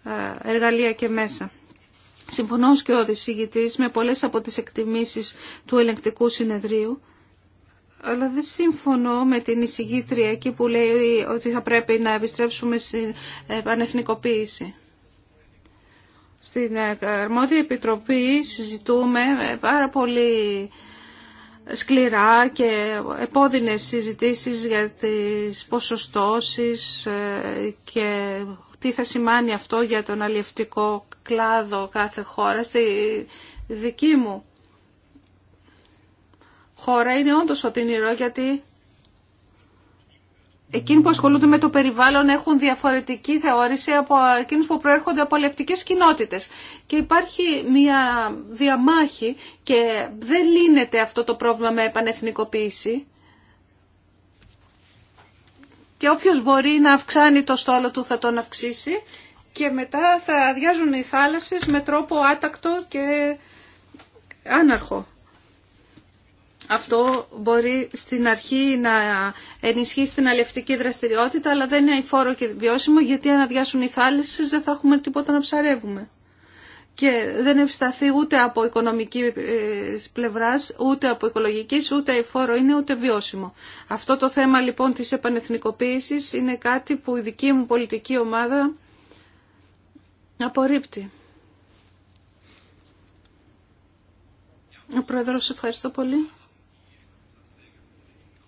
ε, εργαλεία και μέσα. Συμφωνώ και ο δισηγητής με πολλές από τις εκτιμήσεις του ελεγκτικού συνεδρίου, αλλά δεν συμφωνώ με την εισηγήτρια εκεί που λέει ότι θα πρέπει να επιστρέψουμε στην πανεθνικοποίηση. Στην Αρμόδια Επιτροπή συζητούμε πάρα πολύ σκληρά και επώδυνες συζητήσεις για τις ποσοστώσεις ε, και τι θα σημάνει αυτό για τον αλλιευτικό κλάδο κάθε χώρα. Στη δική μου χώρα είναι όντως οδυνηρό γιατί εκείνοι που ασχολούνται με το περιβάλλον έχουν διαφορετική θεώρηση από εκείνους που προέρχονται από αλευτικές κοινότητες. Και υπάρχει μια διαμάχη και δεν λύνεται αυτό το πρόβλημα με επανεθνικοποίηση. Και όποιος μπορεί να αυξάνει το στόλο του θα τον αυξήσει και μετά θα αδειάζουν οι θάλασσες με τρόπο άτακτο και άναρχο. Αυτό μπορεί στην αρχή να ενισχύσει την αλληλευτική δραστηριότητα, αλλά δεν είναι αηφόρο και βιώσιμο, γιατί αν αδειάσουν οι θάλασσες δεν θα έχουμε τίποτα να ψαρεύουμε. Και δεν ευσταθεί ούτε από οικονομική ε, πλευράς, ούτε από οικολογική, ούτε αηφόρο είναι, ούτε βιώσιμο. Αυτό το θέμα λοιπόν της επανεθνικοποίησης είναι κάτι που η δική μου πολιτική ομάδα απορρίπτει. Ο Πρόεδρος, ευχαριστώ πολύ.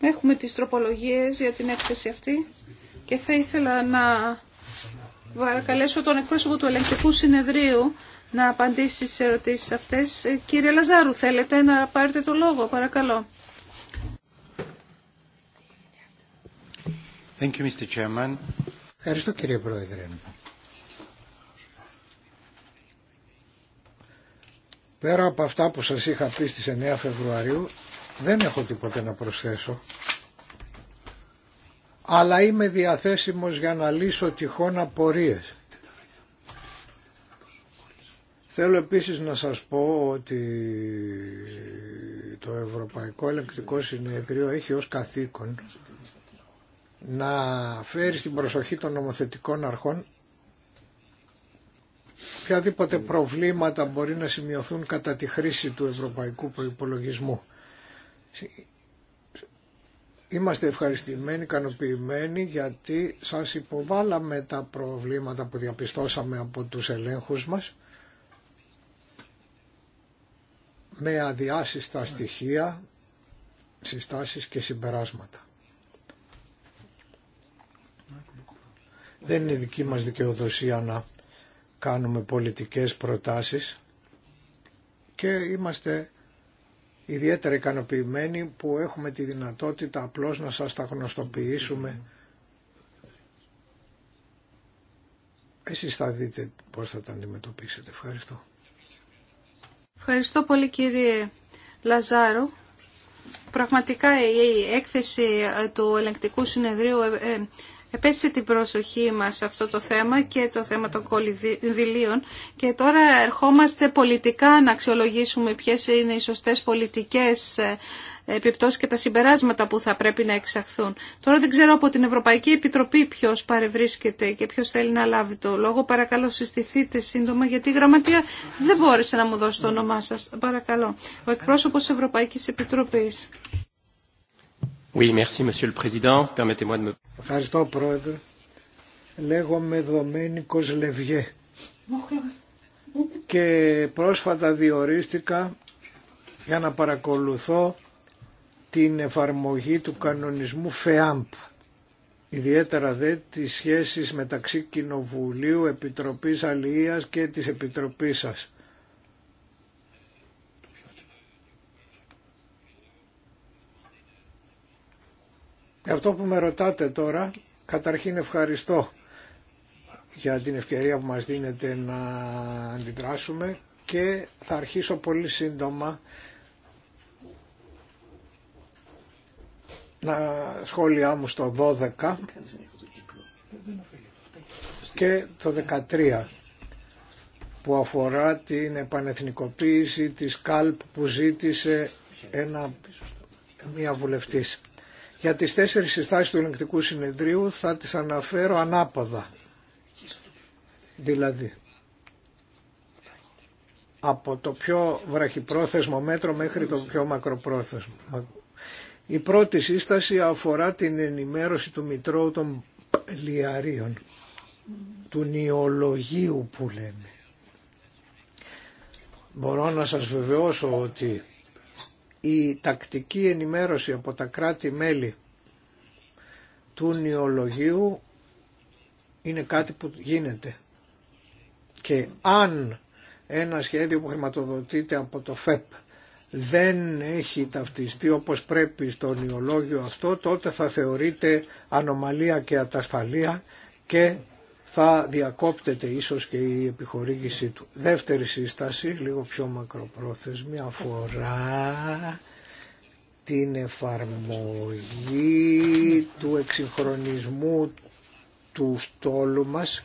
Έχουμε τις τροπολογίες για την έκθεση αυτή και θα ήθελα να παρακαλέσω τον εκπρόσωπο του ελεγκτικού συνεδρίου να απαντήσει στις ερωτήσεις αυτές. Ε, κύριε Λαζάρου, θέλετε να πάρετε το λόγο, παρακαλώ. Thank you, Mr. Chairman. Ευχαριστώ κύριε Πρόεδρε. Πέρα από αυτά που σας είχα πει στις 9 Φεβρουαρίου, δεν έχω τίποτε να προσθέσω. Αλλά είμαι διαθέσιμος για να λύσω τυχόν απορίες. Θέλω επίσης να σας πω ότι το Ευρωπαϊκό Ελεκτικό Συνεδρίο έχει ως καθήκον να φέρει στην προσοχή των νομοθετικών αρχών οποιαδήποτε προβλήματα μπορεί να σημειωθούν κατά τη χρήση του ευρωπαϊκού προϋπολογισμού. Είμαστε ευχαριστημένοι, ικανοποιημένοι γιατί σας υποβάλαμε τα προβλήματα που διαπιστώσαμε από τους ελέγχους μας με αδιάσυστα στοιχεία, συστάσεις και συμπεράσματα. Δεν είναι δική μας δικαιοδοσία να κάνουμε πολιτικές προτάσεις και είμαστε ιδιαίτερα ικανοποιημένοι που έχουμε τη δυνατότητα απλώς να σας τα γνωστοποιήσουμε. Εσείς θα δείτε πώς θα τα αντιμετωπίσετε. Ευχαριστώ. Ευχαριστώ πολύ κύριε Λαζάρο. Πραγματικά η έκθεση ε, του ελεγκτικού συνεδρίου ε, ε, επέστησε την προσοχή μας σε αυτό το θέμα και το θέμα των κολυδηλίων και τώρα ερχόμαστε πολιτικά να αξιολογήσουμε ποιες είναι οι σωστές πολιτικές ε, επιπτώσεις και τα συμπεράσματα που θα πρέπει να εξαχθούν. Τώρα δεν ξέρω από την Ευρωπαϊκή Επιτροπή ποιος παρευρίσκεται και ποιος θέλει να λάβει το λόγο. Παρακαλώ συστηθείτε σύντομα γιατί η γραμματεία δεν μπόρεσε να μου δώσει το όνομά σας. Παρακαλώ. Ο εκπρόσωπος της Ευρωπαϊκής Επιτροπής. Ευχαριστώ, Πρόεδρε. Λέγομαι Δομένικος Λευγέ. Και πρόσφατα διορίστηκα για να παρακολουθώ την εφαρμογή του κανονισμού ΦΕΑΜΠ. Ιδιαίτερα δε τις σχέσεις μεταξύ Κοινοβουλίου, Επιτροπής Αλληλείας και της Επιτροπής σας. Αυτό που με ρωτάτε τώρα, καταρχήν ευχαριστώ για την ευκαιρία που μας δίνετε να αντιδράσουμε και θα αρχίσω πολύ σύντομα να σχόλιά μου στο 12 και το 13 που αφορά την επανεθνικοποίηση της ΚΑΛΠ που ζήτησε ένα, μια βουλευτής. Για τις τέσσερις συστάσεις του ελεγκτικού συνεδρίου θα τις αναφέρω ανάποδα. Δηλαδή, από το πιο βραχυπρόθεσμο μέτρο μέχρι το πιο μακροπρόθεσμο. Η πρώτη σύσταση αφορά την ενημέρωση του Μητρώου των Λιαρίων, του νιολογίου που λέμε. Μπορώ να σας βεβαιώσω ότι η τακτική ενημέρωση από τα κράτη-μέλη του νεολογίου είναι κάτι που γίνεται. Και αν ένα σχέδιο που χρηματοδοτείται από το ΦΕΠ δεν έχει ταυτιστεί όπως πρέπει στο νεολόγιο αυτό, τότε θα θεωρείται ανομαλία και ατασταλία και θα διακόπτεται ίσως και η επιχορήγησή του. Δεύτερη σύσταση, λίγο πιο μακροπρόθεσμη, αφορά την εφαρμογή του εξυγχρονισμού του στόλου μας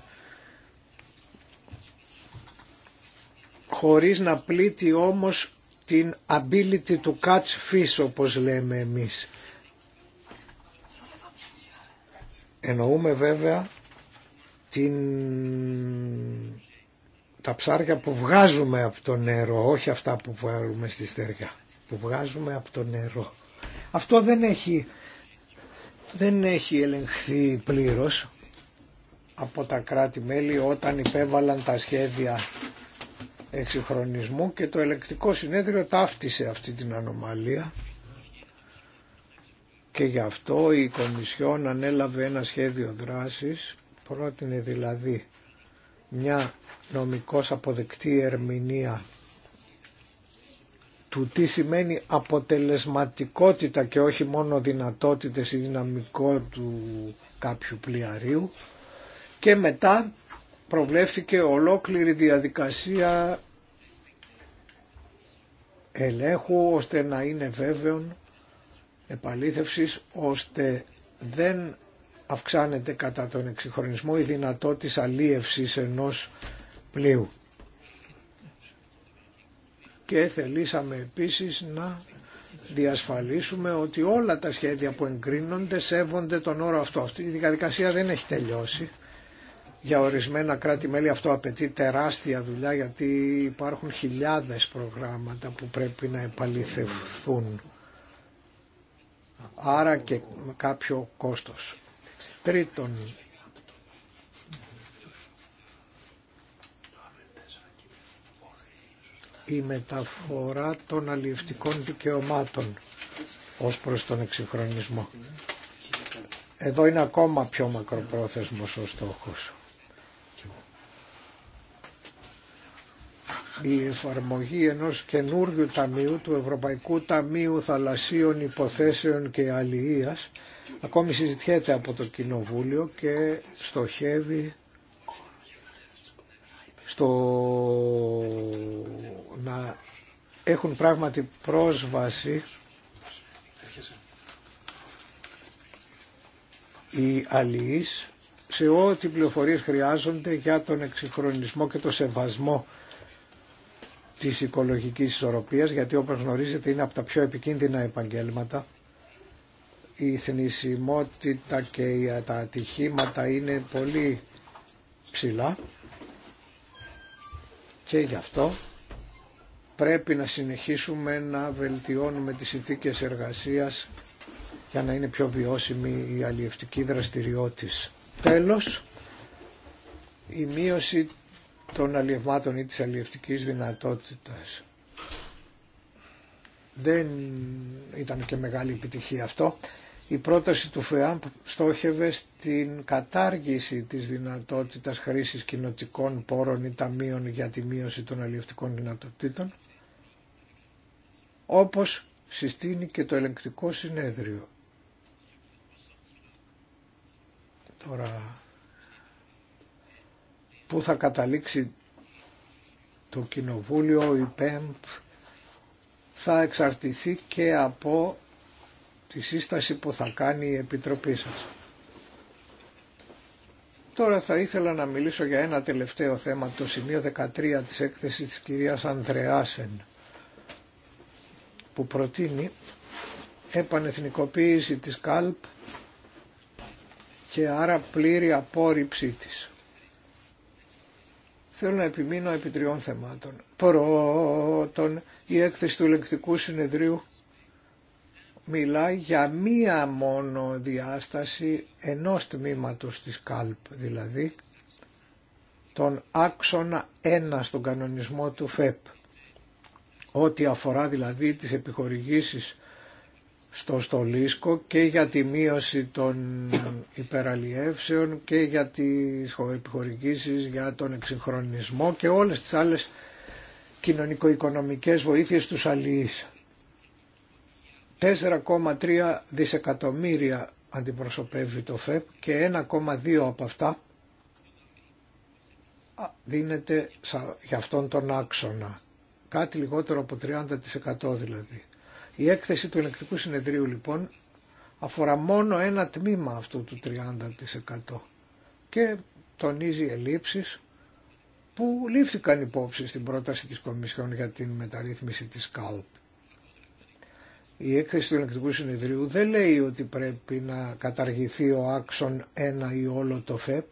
χωρίς να πλήττει όμως την ability του catch fish όπως λέμε εμείς. Εννοούμε βέβαια την... τα ψάρια που βγάζουμε από το νερό, όχι αυτά που βάλουμε στη στεριά, που βγάζουμε από το νερό. Αυτό δεν έχει, δεν έχει ελεγχθεί πλήρως από τα κράτη-μέλη όταν υπέβαλαν τα σχέδια εξυγχρονισμού και το ελεκτικό συνέδριο ταύτισε αυτή την ανομαλία και γι' αυτό η Κομισιόν ανέλαβε ένα σχέδιο δράσης πρότεινε δηλαδή μια νομικός αποδεκτή ερμηνεία του τι σημαίνει αποτελεσματικότητα και όχι μόνο δυνατότητες ή δυναμικό του κάποιου πλοιαρίου και μετά προβλέφθηκε ολόκληρη διαδικασία ελέγχου ώστε να είναι βέβαιον επαλήθευσης ώστε δεν αυξάνεται κατά τον εξυγχρονισμό η δυνατότητα της αλίευσης ενός πλοίου. Και θελήσαμε επίσης να διασφαλίσουμε ότι όλα τα σχέδια που εγκρίνονται σέβονται τον όρο αυτό. Αυτή η διαδικασία δεν έχει τελειώσει. Για ορισμένα κράτη-μέλη αυτό απαιτεί τεράστια δουλειά γιατί υπάρχουν χιλιάδες προγράμματα που πρέπει να επαληθευθούν. Άρα και κάποιο κόστος. Τρίτον, η μεταφορά των αλληλευτικών δικαιωμάτων ως προς τον εξυγχρονισμό. Εδώ είναι ακόμα πιο μακροπρόθεσμος ο στόχος. Η εφαρμογή ενός καινούριου ταμείου, του Ευρωπαϊκού Ταμείου Θαλασσίων Υποθέσεων και Αλληλείας, ακόμη συζητιέται από το Κοινοβούλιο και στοχεύει στο να έχουν πράγματι πρόσβαση οι αλληλείς σε ό,τι πληροφορίες χρειάζονται για τον εξυγχρονισμό και το σεβασμό της οικολογικής ισορροπίας γιατί όπως γνωρίζετε είναι από τα πιο επικίνδυνα επαγγέλματα η θνησιμότητα και τα ατυχήματα είναι πολύ ψηλά και γι' αυτό πρέπει να συνεχίσουμε να βελτιώνουμε τις συνθήκες εργασίας για να είναι πιο βιώσιμη η αλλιευτική δραστηριότητα. Τέλος, η μείωση των αλλιευμάτων ή της αλλιευτικής δυνατότητας. Δεν ήταν και μεγάλη επιτυχία αυτό. Η πρόταση του ΦΕΑΜΠ στόχευε στην κατάργηση της δυνατότητας χρήσης κοινοτικών πόρων ή ταμείων για τη μείωση των αλληλευτικών δυνατοτήτων, όπως συστήνει και το ελεγκτικό συνέδριο. Τώρα, πού θα καταλήξει το Κοινοβούλιο, η ΠΕΜΠ, θα εξαρτηθεί και από τη σύσταση που θα κάνει η Επιτροπή σας. Τώρα θα ήθελα να μιλήσω για ένα τελευταίο θέμα, το σημείο 13 της έκθεσης της κυρίας Ανδρεάσεν, που προτείνει επανεθνικοποίηση της ΚΑΛΠ και άρα πλήρη απόρριψή της. Θέλω να επιμείνω επί τριών θεμάτων. Πρώτον, η έκθεση του λεκτικού συνεδρίου μιλάει για μία μόνο διάσταση ενός τμήματος της ΚΑΛΠ, δηλαδή τον άξονα 1 στον κανονισμό του ΦΕΠ. Ό,τι αφορά δηλαδή τις επιχορηγήσεις στο στολίσκο και για τη μείωση των υπεραλλιεύσεων και για τις επιχορηγήσεις για τον εξυγχρονισμό και όλες τις άλλες κοινωνικο-οικονομικές βοήθειες του αλληλείς. 4,3 δισεκατομμύρια αντιπροσωπεύει το ΦΕΠ και 1,2 από αυτά δίνεται για αυτόν τον άξονα. Κάτι λιγότερο από 30% δηλαδή. Η έκθεση του ελεκτικού συνεδρίου λοιπόν αφορά μόνο ένα τμήμα αυτού του 30% και τονίζει ελλείψεις που λήφθηκαν υπόψη στην πρόταση της Κομισιόν για την μεταρρύθμιση της ΚΑΛΠ η έκθεση του Ελεκτικού Συνεδρίου δεν λέει ότι πρέπει να καταργηθεί ο άξον ένα ή όλο το ΦΕΠ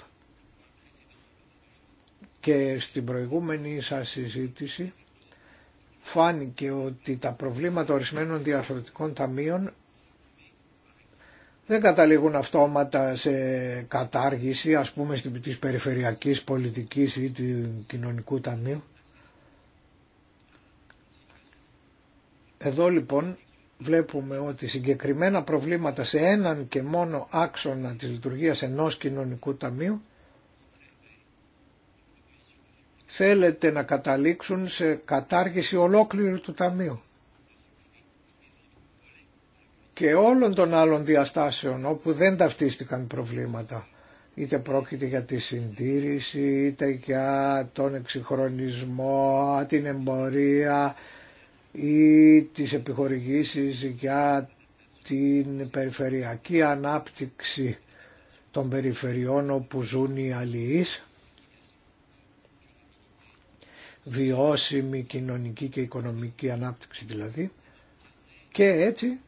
και στην προηγούμενη σας συζήτηση φάνηκε ότι τα προβλήματα ορισμένων διαφορετικών ταμείων δεν καταλήγουν αυτόματα σε κατάργηση ας πούμε της περιφερειακής πολιτικής ή του κοινωνικού ταμείου. Εδώ λοιπόν βλέπουμε ότι συγκεκριμένα προβλήματα σε έναν και μόνο άξονα της λειτουργίας ενός κοινωνικού ταμείου θέλετε να καταλήξουν σε κατάργηση ολόκληρου του ταμείου και όλων των άλλων διαστάσεων όπου δεν ταυτίστηκαν προβλήματα είτε πρόκειται για τη συντήρηση είτε για τον εξυγχρονισμό, την εμπορία ή τις επιχορηγήσεις για την περιφερειακή ανάπτυξη των περιφερειών όπου ζουν οι αλληλείς, βιώσιμη κοινωνική και οικονομική ανάπτυξη δηλαδή και έτσι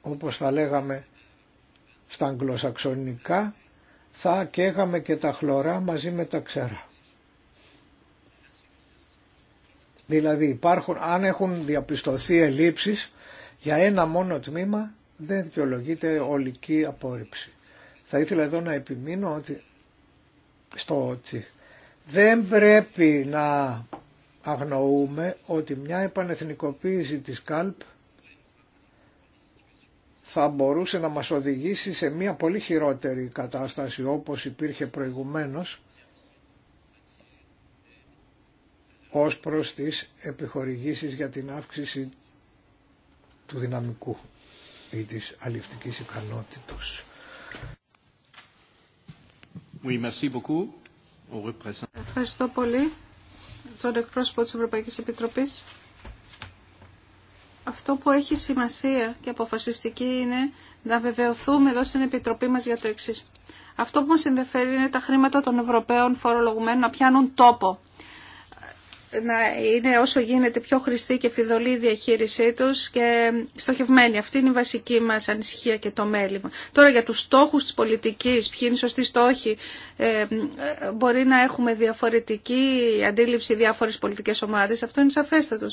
όπως θα λέγαμε στα αγγλοσαξονικά θα καίγαμε και τα χλωρά μαζί με τα ξερά. Δηλαδή υπάρχουν, αν έχουν διαπιστωθεί ελλείψεις, για ένα μόνο τμήμα δεν δικαιολογείται ολική απόρριψη. Θα ήθελα εδώ να επιμείνω ότι στο ότι δεν πρέπει να αγνοούμε ότι μια επανεθνικοποίηση της ΚΑΛΠ θα μπορούσε να μας οδηγήσει σε μια πολύ χειρότερη κατάσταση όπως υπήρχε προηγουμένως ως προς τις επιχορηγήσεις για την αύξηση του δυναμικού ή της αλληλευτικής ικανότητος. Oui, beaucoup. Ευχαριστώ πολύ τον εκπρόσωπο της Ευρωπαϊκής Επιτροπής. Αυτό που έχει σημασία και αποφασιστική είναι να βεβαιωθούμε εδώ στην Επιτροπή μας για το εξής. Αυτό που μας ενδιαφέρει είναι τα χρήματα των Ευρωπαίων φορολογουμένων να πιάνουν τόπο να είναι όσο γίνεται πιο χρηστή και φιδωλή η διαχείρισή τους και στοχευμένη. Αυτή είναι η βασική μα ανησυχία και το μέλημα. Τώρα για τους στόχου της πολιτικής, ποιοι είναι οι σωστοί στόχοι, ε, μπορεί να έχουμε διαφορετική αντίληψη διάφορες πολιτικές ομάδες. Αυτό είναι σαφέστατο.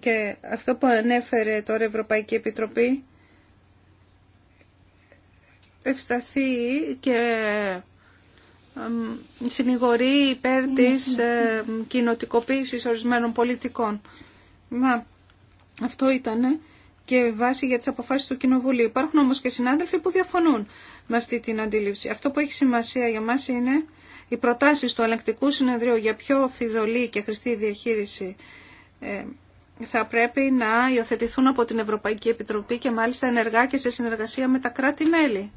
Και αυτό που ανέφερε τώρα η Ευρωπαϊκή Επιτροπή, ευσταθεί και συνηγορεί υπέρ της ε, κοινοτικοποίησης ορισμένων πολιτικών. Μα αυτό ήτανε και βάση για τις αποφάσεις του Κοινοβουλίου. Υπάρχουν όμως και συνάδελφοι που διαφωνούν με αυτή την αντίληψη. Αυτό που έχει σημασία για μας είναι οι προτάσεις του Αλλακτικού Συνεδρίου για πιο φιδωλή και χρηστή διαχείριση ε, θα πρέπει να υιοθετηθούν από την Ευρωπαϊκή Επιτροπή και μάλιστα ενεργά και σε συνεργασία με τα κράτη-μέλη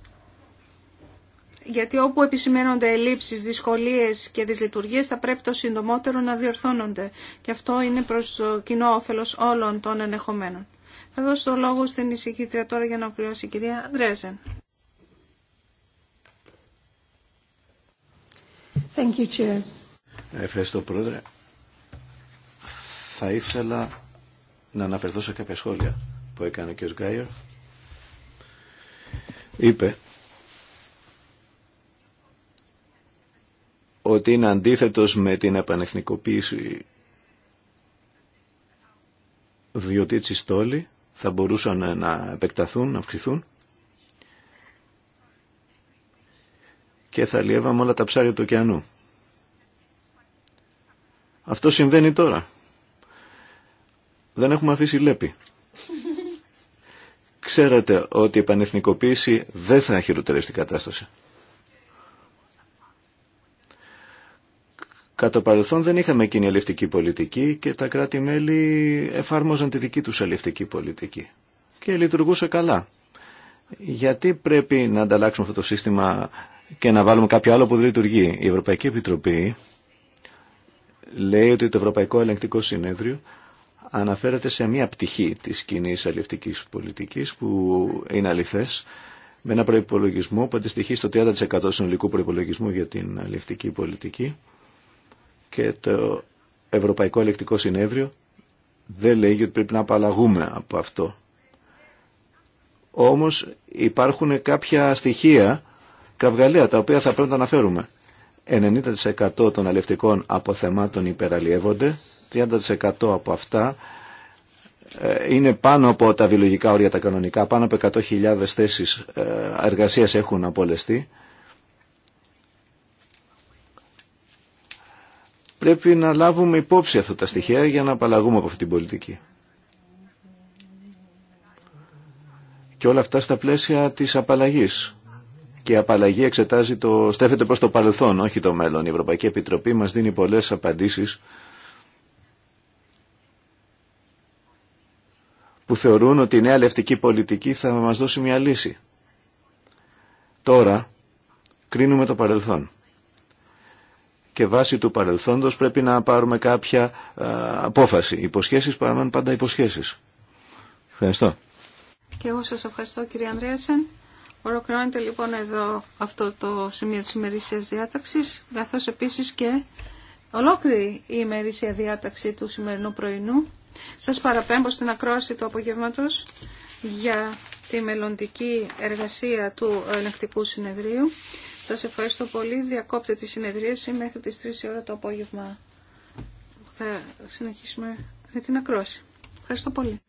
γιατί όπου επισημαίνονται ελλείψεις, δυσκολίες και δυσλειτουργίες θα πρέπει το συντομότερο να διορθώνονται και αυτό είναι προς το κοινό όφελος όλων των ενεχομένων. Θα δώσω το λόγο στην εισηγήτρια τώρα για να οπλώσει η κυρία Ανδρέζεν. Ευχαριστώ Πρόεδρε. Θα ήθελα να αναφερθώ σε κάποια σχόλια που έκανε ο κ. Γκάιερ. Είπε ότι είναι αντίθετος με την επανεθνικοποίηση διότι έτσι στόλοι θα μπορούσαν να επεκταθούν, να αυξηθούν και θα λιεύαμε όλα τα ψάρια του ωκεανού. Αυτό συμβαίνει τώρα. Δεν έχουμε αφήσει λέπη. Ξέρετε ότι η επανεθνικοποίηση δεν θα χειροτερεύσει την κατάσταση. Κατά το παρελθόν δεν είχαμε κοινή αλληλευτική πολιτική και τα κράτη-μέλη εφάρμοζαν τη δική τους αλληλευτική πολιτική. Και λειτουργούσε καλά. Γιατί πρέπει να ανταλλάξουμε αυτό το σύστημα και να βάλουμε κάποιο άλλο που δεν λειτουργεί. Η Ευρωπαϊκή Επιτροπή λέει ότι το Ευρωπαϊκό Ελεγκτικό Συνέδριο αναφέρεται σε μία πτυχή της κοινή αλληλευτικής πολιτικής που είναι αληθές με ένα προϋπολογισμό που αντιστοιχεί στο 30% του συνολικού προϋπολογισμού για την αλληλευτική πολιτική και το Ευρωπαϊκό Ελεκτικό Συνέδριο δεν λέγει ότι πρέπει να απαλλαγούμε από αυτό. Όμως υπάρχουν κάποια στοιχεία καυγαλαία τα οποία θα πρέπει να αναφέρουμε. 90% των αλευτικών αποθεμάτων υπεραλλιεύονται, 30% από αυτά ε, είναι πάνω από τα βιολογικά όρια τα κανονικά, πάνω από 100.000 θέσεις ε, εργασίας έχουν απολεστεί Πρέπει να λάβουμε υπόψη αυτά τα στοιχεία για να απαλλαγούμε από αυτή την πολιτική. Και όλα αυτά στα πλαίσια της απαλλαγής. Και η απαλλαγή εξετάζει το, στέφεται προς το παρελθόν, όχι το μέλλον. Η Ευρωπαϊκή Επιτροπή μας δίνει πολλές απαντήσεις που θεωρούν ότι η νέα λευτική πολιτική θα μας δώσει μια λύση. Τώρα κρίνουμε το παρελθόν και βάσει του παρελθόντος πρέπει να πάρουμε κάποια απόφαση. Υποσχέσεις παραμένουν πάντα υποσχέσεις. Ευχαριστώ. Και εγώ σας ευχαριστώ κύριε Ανδρέασεν. Ολοκληρώνεται λοιπόν εδώ αυτό το σημείο της ημερήσιας διάταξης, καθώς επίσης και ολόκληρη η ημερήσια διάταξη του σημερινού πρωινού. Σας παραπέμπω στην ακρόαση του απογεύματος για τη μελλοντική εργασία του ελεκτικού συνεδρίου. Σας ευχαριστώ πολύ. Διακόπτε τη συνεδρίαση μέχρι τις 3 ώρα το απόγευμα. Θα συνεχίσουμε με την ακρόαση. Ευχαριστώ πολύ.